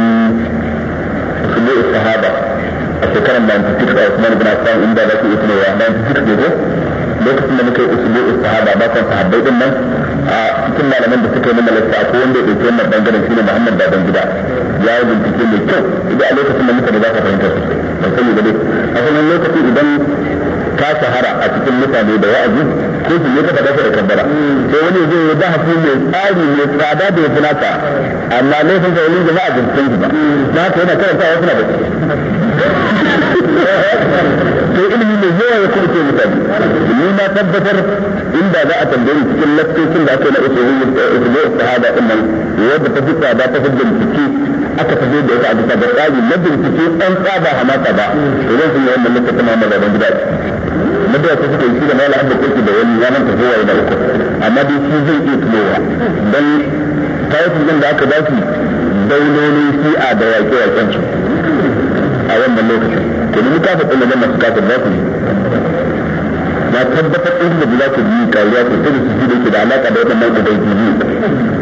su sahaba a shekarar 96 a Usman bin Affan inda za ku iya tunawa 96 ne ko lokacin da muka yi usulo sahaba ba kan sahabbai din nan a cikin malaman da suka yi mana lissafi wanda ya dauki wannan bangaren ne Muhammad Baban Gida ya yi bincike mai kyau idan a lokacin da muka da za ka fahimta su ba sani ba dai a sanin lokacin idan ka shahara a cikin mutane da wa'azi ko su ne ka faɗa da kabbara ko wani zai yi bahasi mai tsari mai tsada da ya fi naka amma laifin ka wani jama'a binciken ba na ka yana karanta wasu na baki to ilimi mai yawa ya kuma kurce mutane ni na tabbatar inda za a tambayi cikin laftocin da aka yi na usulun eh, sahaba din nan wadda ta fi tsada ta fi bincike aka zai da wata a bisa ga tsari na bincike an tsada hamata ba to zan sun yi wannan ta kuma mazaban gida na da ta suka yi shi da mala abu kurki da wani ranar ta zuwa yana uku amma dai shi zai iya tunowa don tarihin da aka ba su daulolin shi'a da yaƙe-yaƙen su a wannan lokacin to duk ta ɗin da masu kafin za ku yi na tabbatar ɗin da za ku yi kariya ku tsiri su da ke da alaka da wannan mai da yi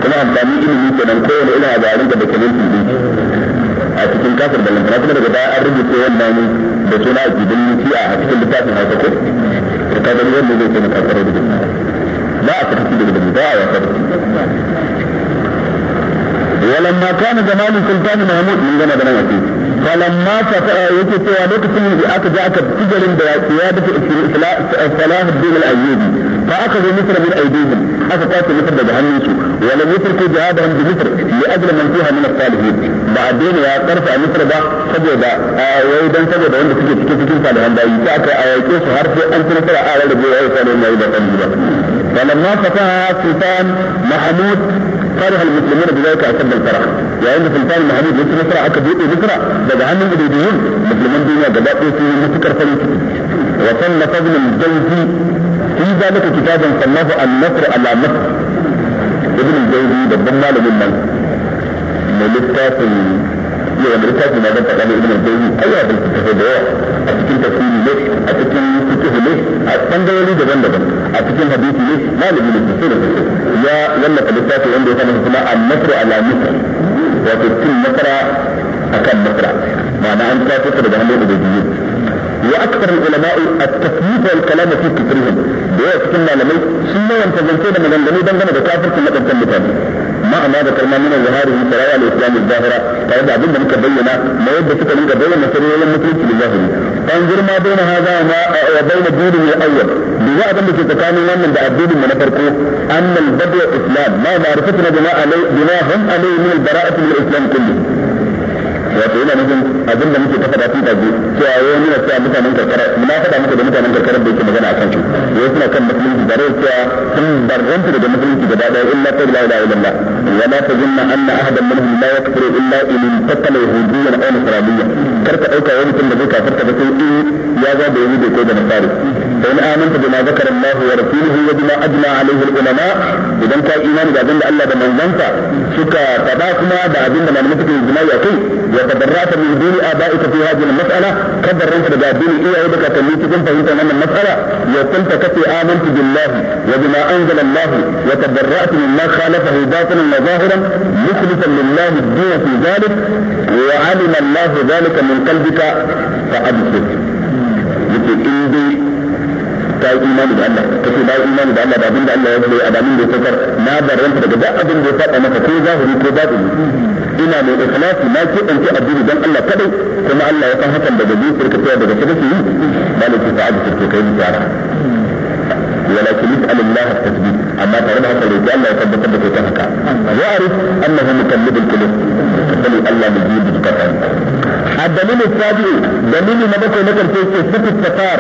kuma amfani ilimi kenan kowane irin abarin da bakalin su ne a cikin kafin da lantana kuma daga baya an rubuta wannan da suna a jibin nufiya a cikin littafin hausa ko ta kaga wannan zai taimaka kwarai da gaske ba a fata da ba a wasa da ولما كان زمان سلطان محمود من جنب نمتي فلما يكتوى لقسم أكجع بتجل بقيادة صلاح الدين الأيوبي فأخذ مصر من أيديهم أخذت مصر بجهنم ولم يتركوا جهادهم بمصر لأجل من فيها من الصالحين بعدين يا طرف مصر ده سجد آه، ويدن سجد عند سجد سجد سجد صالحا ده يتاك أيكيس حرف أنت نصر أعلى لبيعي صالحين ويبا فلما فتح سلطان محمود صالح المسلمون بذلك أكد الفرع يعني سلطان المحمود مثل فرع أكد يؤدي ذكرى بدعان المدريديون مسلمين دينا جباك يسير مفكر فريق وصلنا فضل الجوزي في ذلك كتابا صنفه النصر على مصر ابن الجوزي بالضمال لمن ملتاس يعني ملتاس ماذا تقال ابن الجوزي أيها بالتفضل a cikin tafsiri ne a cikin fiqh ne a bangarori daban-daban a cikin hadisi ne malami ne sosai da sosai ya wallafa littafi wanda ya kama kuma al-nasr ala misr wato cin nasara akan nasara ma'ana an tafi daga al-ulama at العلماء التثبيت والكلام في كفرهم da yawa cikin malamai sun yawan tazance da maganganu dangane da kafircin kan mutane مع ما ذكرنا من الظهار من شرائع الاسلام الظاهره فهذا عبد منك بينا ما يبدا فكر منك بينا سرير المتلك لله فانظر ما بين هذا وما وبين دينه الاول بوعد التي تكامل من الدين من فرقه ان البدء اسلام ما معرفتنا بما عليه بما هم عليه من البراءه من الاسلام كله wato yana nufin abin da muke ta faɗa tun ɗazu cewa wai nuna cewa mutanen karkara na faɗa muku da mutanen karkara da yake magana a kan su wai suna kan musulunci da rai cewa sun barranta daga musulunci gaba ɗaya illa ta la ilaha illallah wa la tazunna anna ahadan minhum la yakfuru illa in intaqa yahudiyyan aw nasraniyyan kar ka ɗauka wani mutum da zai kafirta ba sai in ya ga da yahudi ko da nasari fa in amanta bima zakara Allah wa rasuluhu wa bima ajma alaihi ulama idan ka imani da abin da Allah da manzansa suka faɗa kuma da abin da malamin suka yi jima'i a kai وتبرأت من دون آبائك في هذه المسألة كبرت لدى إيه أيدك تليتكم فهمت أن المسألة لو كنت كفي آمنت بالله وبما أنزل الله وتبرأت مما خالفه باطلا وظاهرا مخلصا لله الدين في ذلك وعلم الله ذلك من قلبك فأبصر يقول إن دي ta yi imani da Allah ta ce bayan imani da Allah ba abin da Allah ya a da ya na daga duk abin da ya faɗa maka ko zahiri ko ina mai ikhlasi na ke ɗauki addini don Allah kadai kuma Allah ya san hakan daga biyu sirka tsaya daga shirka yi ba da ke sa'adu sirka kai mu tara ولكن يسأل الله التثبيت أما ترى هذا الرجال الله يثبت لك كهكا يعرف أنه مكلب الكلب فلي الله مجيب القرآن الدليل السابع دليل ما بكر نكر في صفة السفار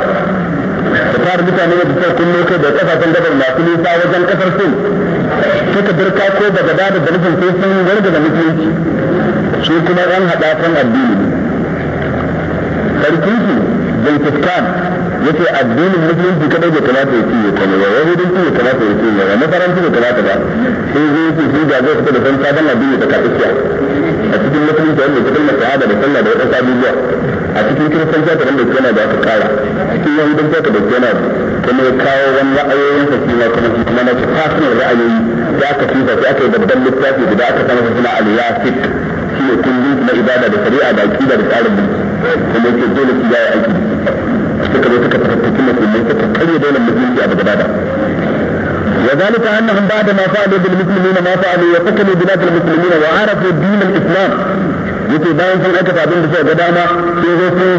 السفار مثلا يبقى كل يوم كده كفى تنقبل ما كل يسعى وجن كفر سن suka birka ko daga da da nufin sai sun wani daga mutunci su kuma yan haɗa addini sarkin su zulfiskan ya ce addinin musulunci kadai bai talata ya ciye ta ne ba yahudanci ciye talata ya ciye ba mafaranci da talata ba sun zai su sun gaza su da san sabon addini da kafiya a cikin musulunci wanda ya fitar da shahada da sallah da wadansu abubuwa a cikin kiristan ta da yana da aka kara cikin yahudan ta da yana kuma ya kawo wani ra'ayoyin sa kuma kuma shi kuma na ci fasinar ra'ayoyi da aka tuka sai aka yi babban littafi guda aka sanar da suna aliyafik shi ne kundin na ibada da shari'a da aƙida da tsarin mulki kuma yake dole su yaya aiki suka zo suka fatattaki musulmai suka karya dole musulunci a bagdada وذلك انهم بعد ما فعلوا بالمسلمين ما فعلوا وسكنوا بلاد المسلمين وعرفوا دين الاسلام yace bayan sun aka abin da suka ga dama sai zo sun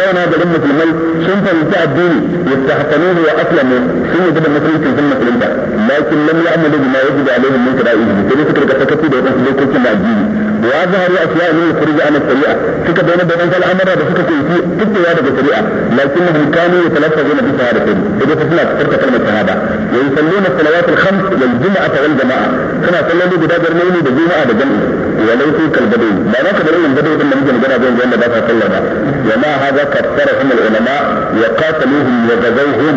zauna garin musulmai sun fahimci addini ya yastahqanuhu wa aslamu sun yi gudun musulunci sun musulunta lakin lam ya'malu bima yajibu alaihim min qada'i sai suka ga sakaci da wadansu dokokin addini da ya zahari a kiyaye ne kurji ana shari'a suka bayyana da wannan al'amura da suka ce shi fitowa daga shari'a lakin hum kanu yatalaffazuna bi shahadatin idan ka suna furta kalmar shahada wa yusalluna salawat al-khams wal jum'ata wal jama'a kana sallalo guda biyar ne da juma'a da jami'i wa laysa kal badawi ba za ka bar yin badawi din da muke magana da wanda ba sa sallah ba wa ma hadha kattarahum al-ulama wa qataluhum wa ghazawhum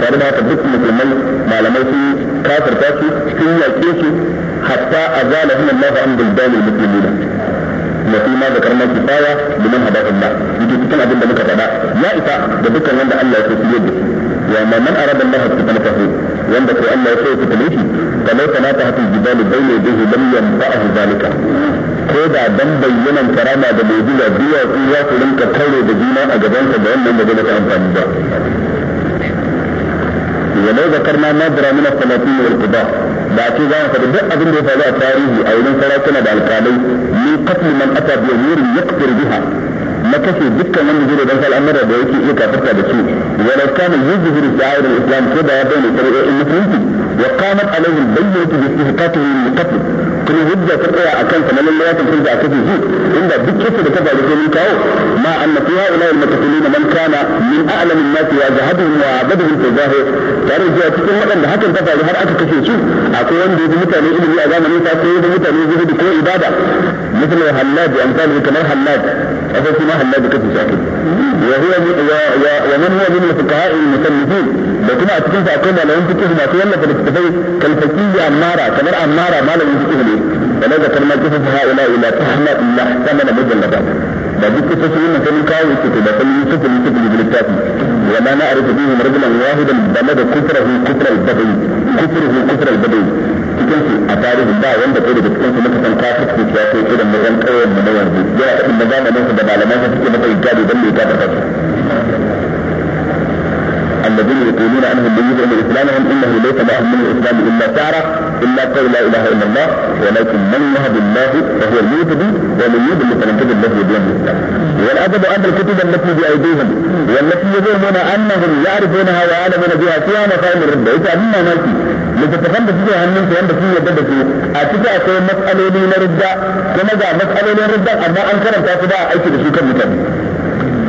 tare da haka duk musulmai malamai sun kafirta su sun yaƙe su حتى أزالهم الله عن بلدان المسلمين وفيما ذكرنا كفاية لمن هداه الله يجي تكون أجل دمك فدا يا إساء دبك وند الله يسيد وما من أراد الله فتنته وند كو الله يسيد فتنته فلو تحت الجبال بين يديه لم ينفعه ذلك كذا دم بينا كرامة يديه بيا وإيا فلن كتولي بجينا أجبان فبعن من مدينة أنفان ولو ذكرنا ما درى من الثلاثين والقضاء da ce za mu faɗi duk abin da ya faru a tarihi a wurin sarakuna da alƙalai min qatl man ata bi yamirin yaqtir biha na kashe dukkan wanda zai dan al'amura da yake iya kafarta da su walau kana yuzhiru da'ir al-islam ko da ya bayyana shari'o'in musulunci wa qamat alayhi al-bayyinatu bi istihqaqihi min qatl kuma hujja ta tsaya akan ta lalle ya tafi da aka ji inda duk kisa da ta faru sai mun kawo ma anna fi haula al mutaqallina man kana min a'lam an nas wa jahaduhum wa abaduhum fi zahir tare da cikin waɗanda hakan ta faru har aka kashe su akwai wanda ya bi mutane ilimi a zamanin sa ko ya bi mutane zuhudi ko ibada مثل هلاد أمثال كما هلاد أفسنا هلاد كتب شاكر وهو ومن هو من الفقهاء المسلمين da kuma a cikin sa akwai malamin fiqh masu wallafa littattafai kalfaqiyya annara kamar annara malamin fiqh ne wala da kalmar kisa sa ila ila tahna illa kamala mujallada da duk kisa su yin kan kawo su da kan yusuf ne su da littafi wala na arifu bihi rajulan wahidan balada kufrahu kufra al-badawi kufruhu kufra al-badawi cikin su a tarihin ba wanda kai daga cikin su muka san kafir su ya kai irin mazan kawai mu na yanzu yana da zamanin su da malaman su suke masa ijabi dan mai ta ta الذين يقولون انهم يريدون اسلامهم انه ليس لهم من الاسلام الا شعره الا قول لا اله الا الله ولكن من يهد الله فهو المهتدي ومن يضل فلن تجد له دين الاسلام والادب ان الكتب التي بايديهم والتي يزعمون انهم يعرفونها ويعلمون بها فيها مفاهيم الرده ليس abin mamaki littattafan da suke hannun su wanda sun yadda da su a ciki akwai matsaloli na مساله لي ga اما انكرت amma an karanta su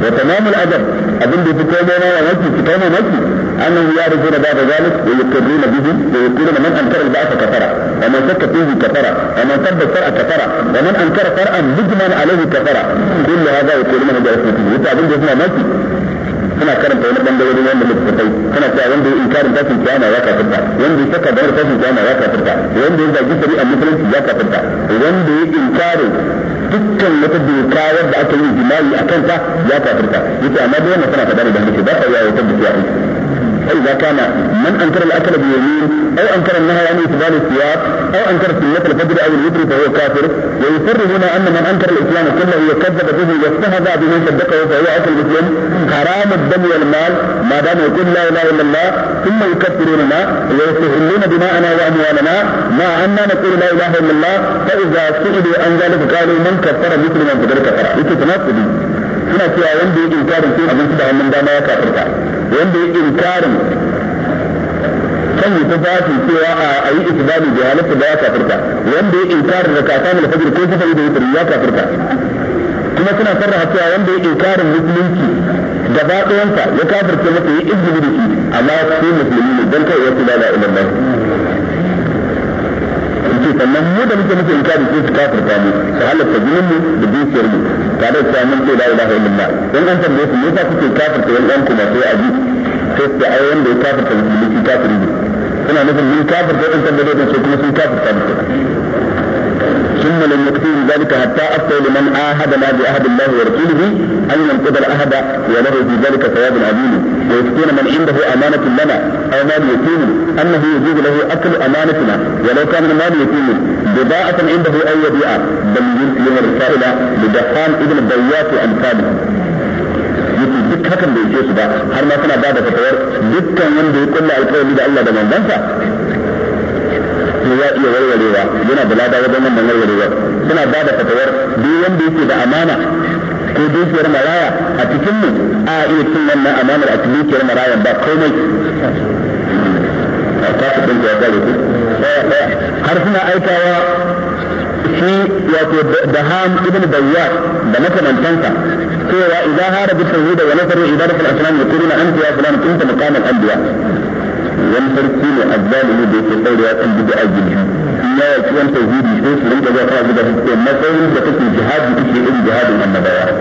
وتمام الادب abin da yake kai na mamaki ki kai mamaki annahu ya rubu da bada zalik wa yuqirruna bihi wa yuqirruna man ankara al-ba'th kafara wa man shakka fihi kafara wa man tabba far'a kafara wa man ankara far'an bijman alayhi kafara kullu hadha yuqirruna bi rahmatihi wata abin da yake mamaki suna karanta wani bangarori wanda muka kai suna cewa wanda ya inkarin tashin kiyama ya kafirta wanda ya saka tashin kiyama ya kafirta wanda ya zagi shari'a musulunci ya kafirta wanda ya inkarin dukkan wata doka wadda aka yi jima'i a kanta ya kafirta yace amma dai wannan tana faɗa da hannu ba ta yawo ta biki aiki فإذا كان من أنكر الأكل باليمين أو أنكر النهي يعني عن إقبال الثياب أو أنكر سنة الفجر أو الوتر فهو كافر ويقر هنا أن من أنكر الإسلام كله وكذب به واستهزأ به صدقه فهو أكل المسلم حرام الدم والمال ما دام يقول لا إله إلا الله ثم يكفروننا ويستهلون دماءنا وأموالنا مع أننا نقول لا إله إلا الله فإذا سئلوا عن ذلك قالوا من كفر مسلما فقد كفر. يتناسب suna cewa wanda ya إنكار cin abinci da hannun dama ya kafirta wanda ya inkarin sanya tufafi cewa a yi isbani da halatta da ya kafirta wanda ya inkarin da kasa mil fajr ko kufa da wutri ya kafirta kuma suna sarrafa cewa wanda ya inkarin musulunci gaba ɗayansa ya kafirce masa ya izini da shi amma su musulmi ne don kai wasu lala ilallah ce sannan mu da muke muke inkari sai su kafirta mu su halatta jinin mu da dukiyar mu tare da mun ce da ilaha illallah in an tambaye su me yasa kuke kafirta yan ɗan kuma sai aji sai su ai wanda ya kafirta musulmi kafiri ne suna nufin mun kafirta yan tambaye da su kuma sun kafirta musulmi ثم لم يكفيه ذلك حتى أفتى لمن عاهد لا بعهد الله ورسوله أن ينقض العهد وله في ذلك ثواب عظيم ويكون من عنده أمانة لنا أو مال يتيم أنه يجوز له أكل أمانتنا ولو كان المال يتيم بضاعة عنده أو يبيع بل يلهم الرسائل لدخان ابن الضياف وأمثاله duk hakan bai ce su ba har ma suna ba da fatawar dukkan wanda ya kulla alkawari da Allah da manzansa mutum ya iya warwarewa yana da lada wajen wannan warwarewa suna ba da fatawar duk wanda yake da amana ko dukiyar maraya a cikin mu a iya cin wannan amanar a cikin dukiyar maraya ba komai har suna aikawa shi wato da ham ibn bayyar da makamantansa cewa idan harabi tauhida wa nasaru ibadatul asnam yaquluna anta ya fulan kunta maqamal anbiya wani sarki ne azzalimi da yake tsaure ya kan bid'a jirgi in ya yaki wani tauhidi sai su rinka zuwa kawo bid'a su matsayin da kake jihadi kake irin jihadin annabawa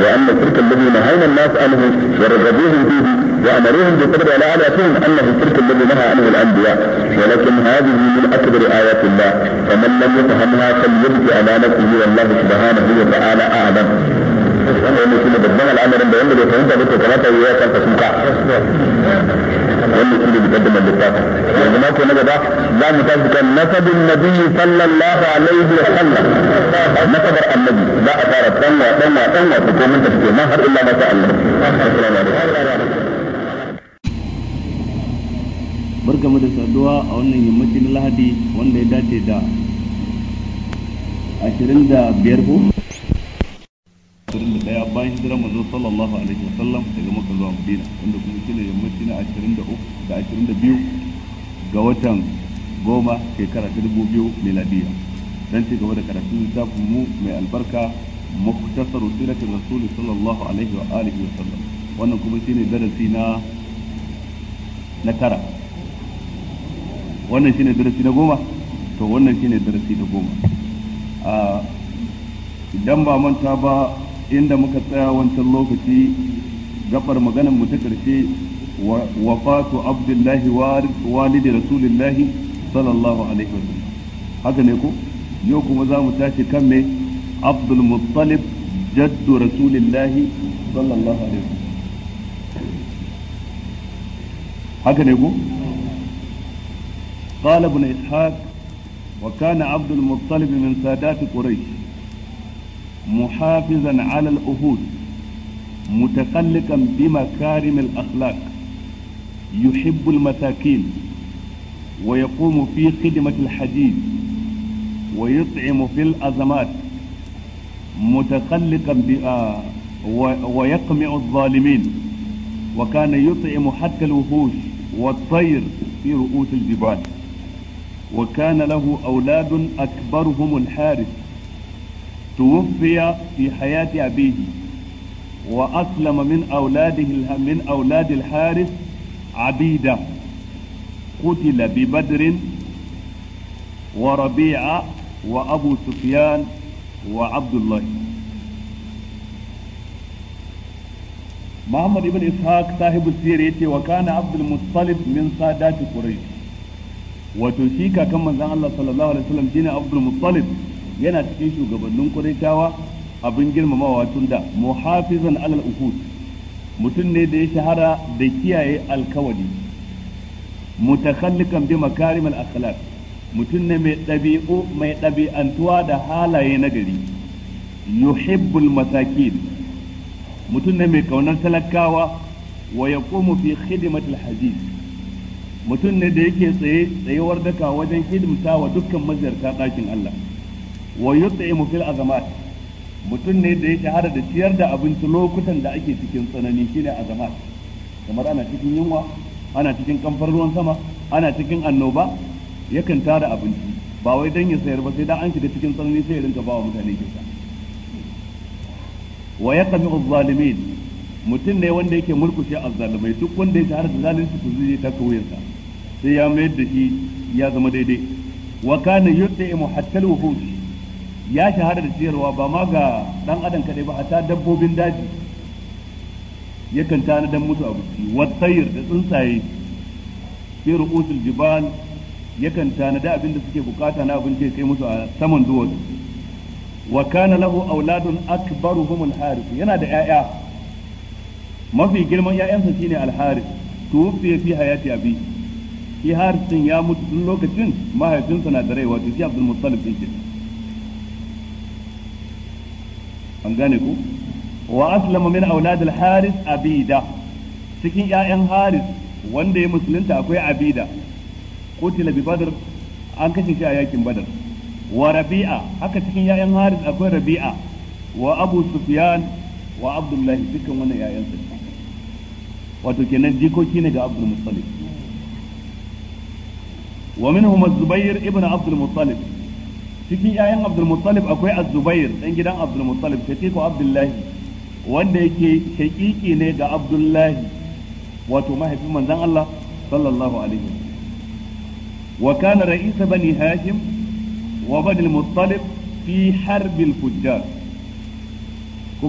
وأن الشرك الذي نهينا الناس عنه ورغبوهم فيه وأمروهم بالصبر على آلهتهم أنه الشرك الذي نهى عنه الأنبياء ولكن هذه من أكبر آيات الله فمن لم يفهمها فليبكي على نفسه والله سبحانه وتعالى أعلم wannan ne babban al'amarin da wanda bai fahimta ba to kamata ya yi kanka suka wannan shine da littafin yanzu mako na gaba za mu tafi kan nasabin nabiyyi sallallahu alaihi wa sallam nasabar annabi za a fara danwa danwa danwa ko mun tafi har illa ma Allah assalamu alaikum da saduwa a wannan yammacin lahadi wanda ya dace da 25 ko ashirin da ɗaya bayan hijirar manzo sallallahu alaihi wasallam daga maka zuwa madina wanda kuma shine yammaci na ashirin da uku da ashirin da biyu ga watan goma shekara ta dubu biyu miladiya dan ci gaba da karatun littafin mu mai albarka muktasaru siratul rasul sallallahu alaihi wa alihi wasallam wannan kuma shine darasi na na tara wannan shine darasi na goma to wannan shine darasi na goma ah, idan ba manta ba inda muka tsaya wancan lokaci gabar maganar mu ta karshe wafatu abdullahi walidi rasulillahi sallallahu alaihi wasallam haka ne ko yau kuma za mu tashi kan me abdul muttalib jaddu rasulillahi sallallahu alaihi wasallam haka ne ko قال ابن إسحاق وكان عبد المطلب من سادات قريش محافظا على الأهود متقلقا بمكارم الأخلاق يحب المساكين ويقوم في خدمة الحديد ويطعم في الأزمات متخلقا آه، ويقمع الظالمين وكان يطعم حتى الوحوش والطير في رؤوس الجبال وكان له أولاد أكبرهم الحارث توفي في حياة أبيه وأسلم من أولاده من أولاد الحارث عبيدة قتل ببدر وربيعة وأبو سفيان وعبد الله محمد بن إسحاق صاحب السيرة وكان عبد المطلب من سادات قريش وتشيكا كما زعل الله صلى الله عليه وسلم دين عبد المطلب yana cikin shugabannin kuraitawa abin girmamawa tunda muhafizan alal uhud mutum ne da ya shahara da kiyaye alkawali mutakhallikan bi makarimal al akhlaq mutum ne mai mai ɗabi'antuwa da halaye na gari yuhibbul masakin mutum ne mai kaunar talakawa wa yaqumu fi khidmatil hadith mutum ne da yake tsaye tsayewar daka wajen hidimta wa dukkan maziyarta ɗakin Allah wa yut'imu fil azamat mutum ne da ya shahara da ciyar da abinci lokutan da ake cikin tsanani shine azamat kamar ana cikin yunwa ana cikin kamfar ruwan sama ana cikin annoba yakan tara abinci ba wai dan ya sayar ba sai dan an shiga cikin tsanani sai ya rinka ba wa mutane kisa wa yaqmi az-zalimin mutum ne wanda yake murkushe az-zalimai duk wanda ya shahara da zalunci ku zai ta koyarsa sai ya mayar da shi ya zama daidai wa kana yut'imu hatta al-wuhush ya shahara da ciyarwa ba ma ga dan adam kadai ba a ta dabbobin daji yakan na dan musu abinci wasayir da tsuntsaye fi ru'usul jibal yakan na da abin da suke bukata na da kai musu a saman duwatsu wa kana lahu auladun akbaruhum al-harith yana da yaya mafi girman yayansa shine al-harith tuwfi fi hayati abi shi harith ya mutu tun lokacin mahaifinsa na da rai wato shi Abdul Muttalib din an gane ku wa aslama min aulad al haris abida cikin ƴaƴan haris wanda ya musulunta akwai abida ko bi badr an kashe shi a yakin badar wa rabi'a haka cikin ƴaƴan haris akwai rabi'a wa abu sufyan wa abdullah dukkan wannan ƴaƴan sa wato kenan jikoki ne ga abdul muttalib wa minhum az-zubair ibn abdul muttalib cikin ƴaƴan Abdul Muttalib akwai Az-Zubair dan gidan Abdul Muttalib shaqiqu Abdullahi wanda yake shaƙiƙi ne ga Abdullahi wato mahaifin manzon Allah sallallahu alaihi wa kana ra'is bani Hashim wa bani Muttalib fi harbil fujjar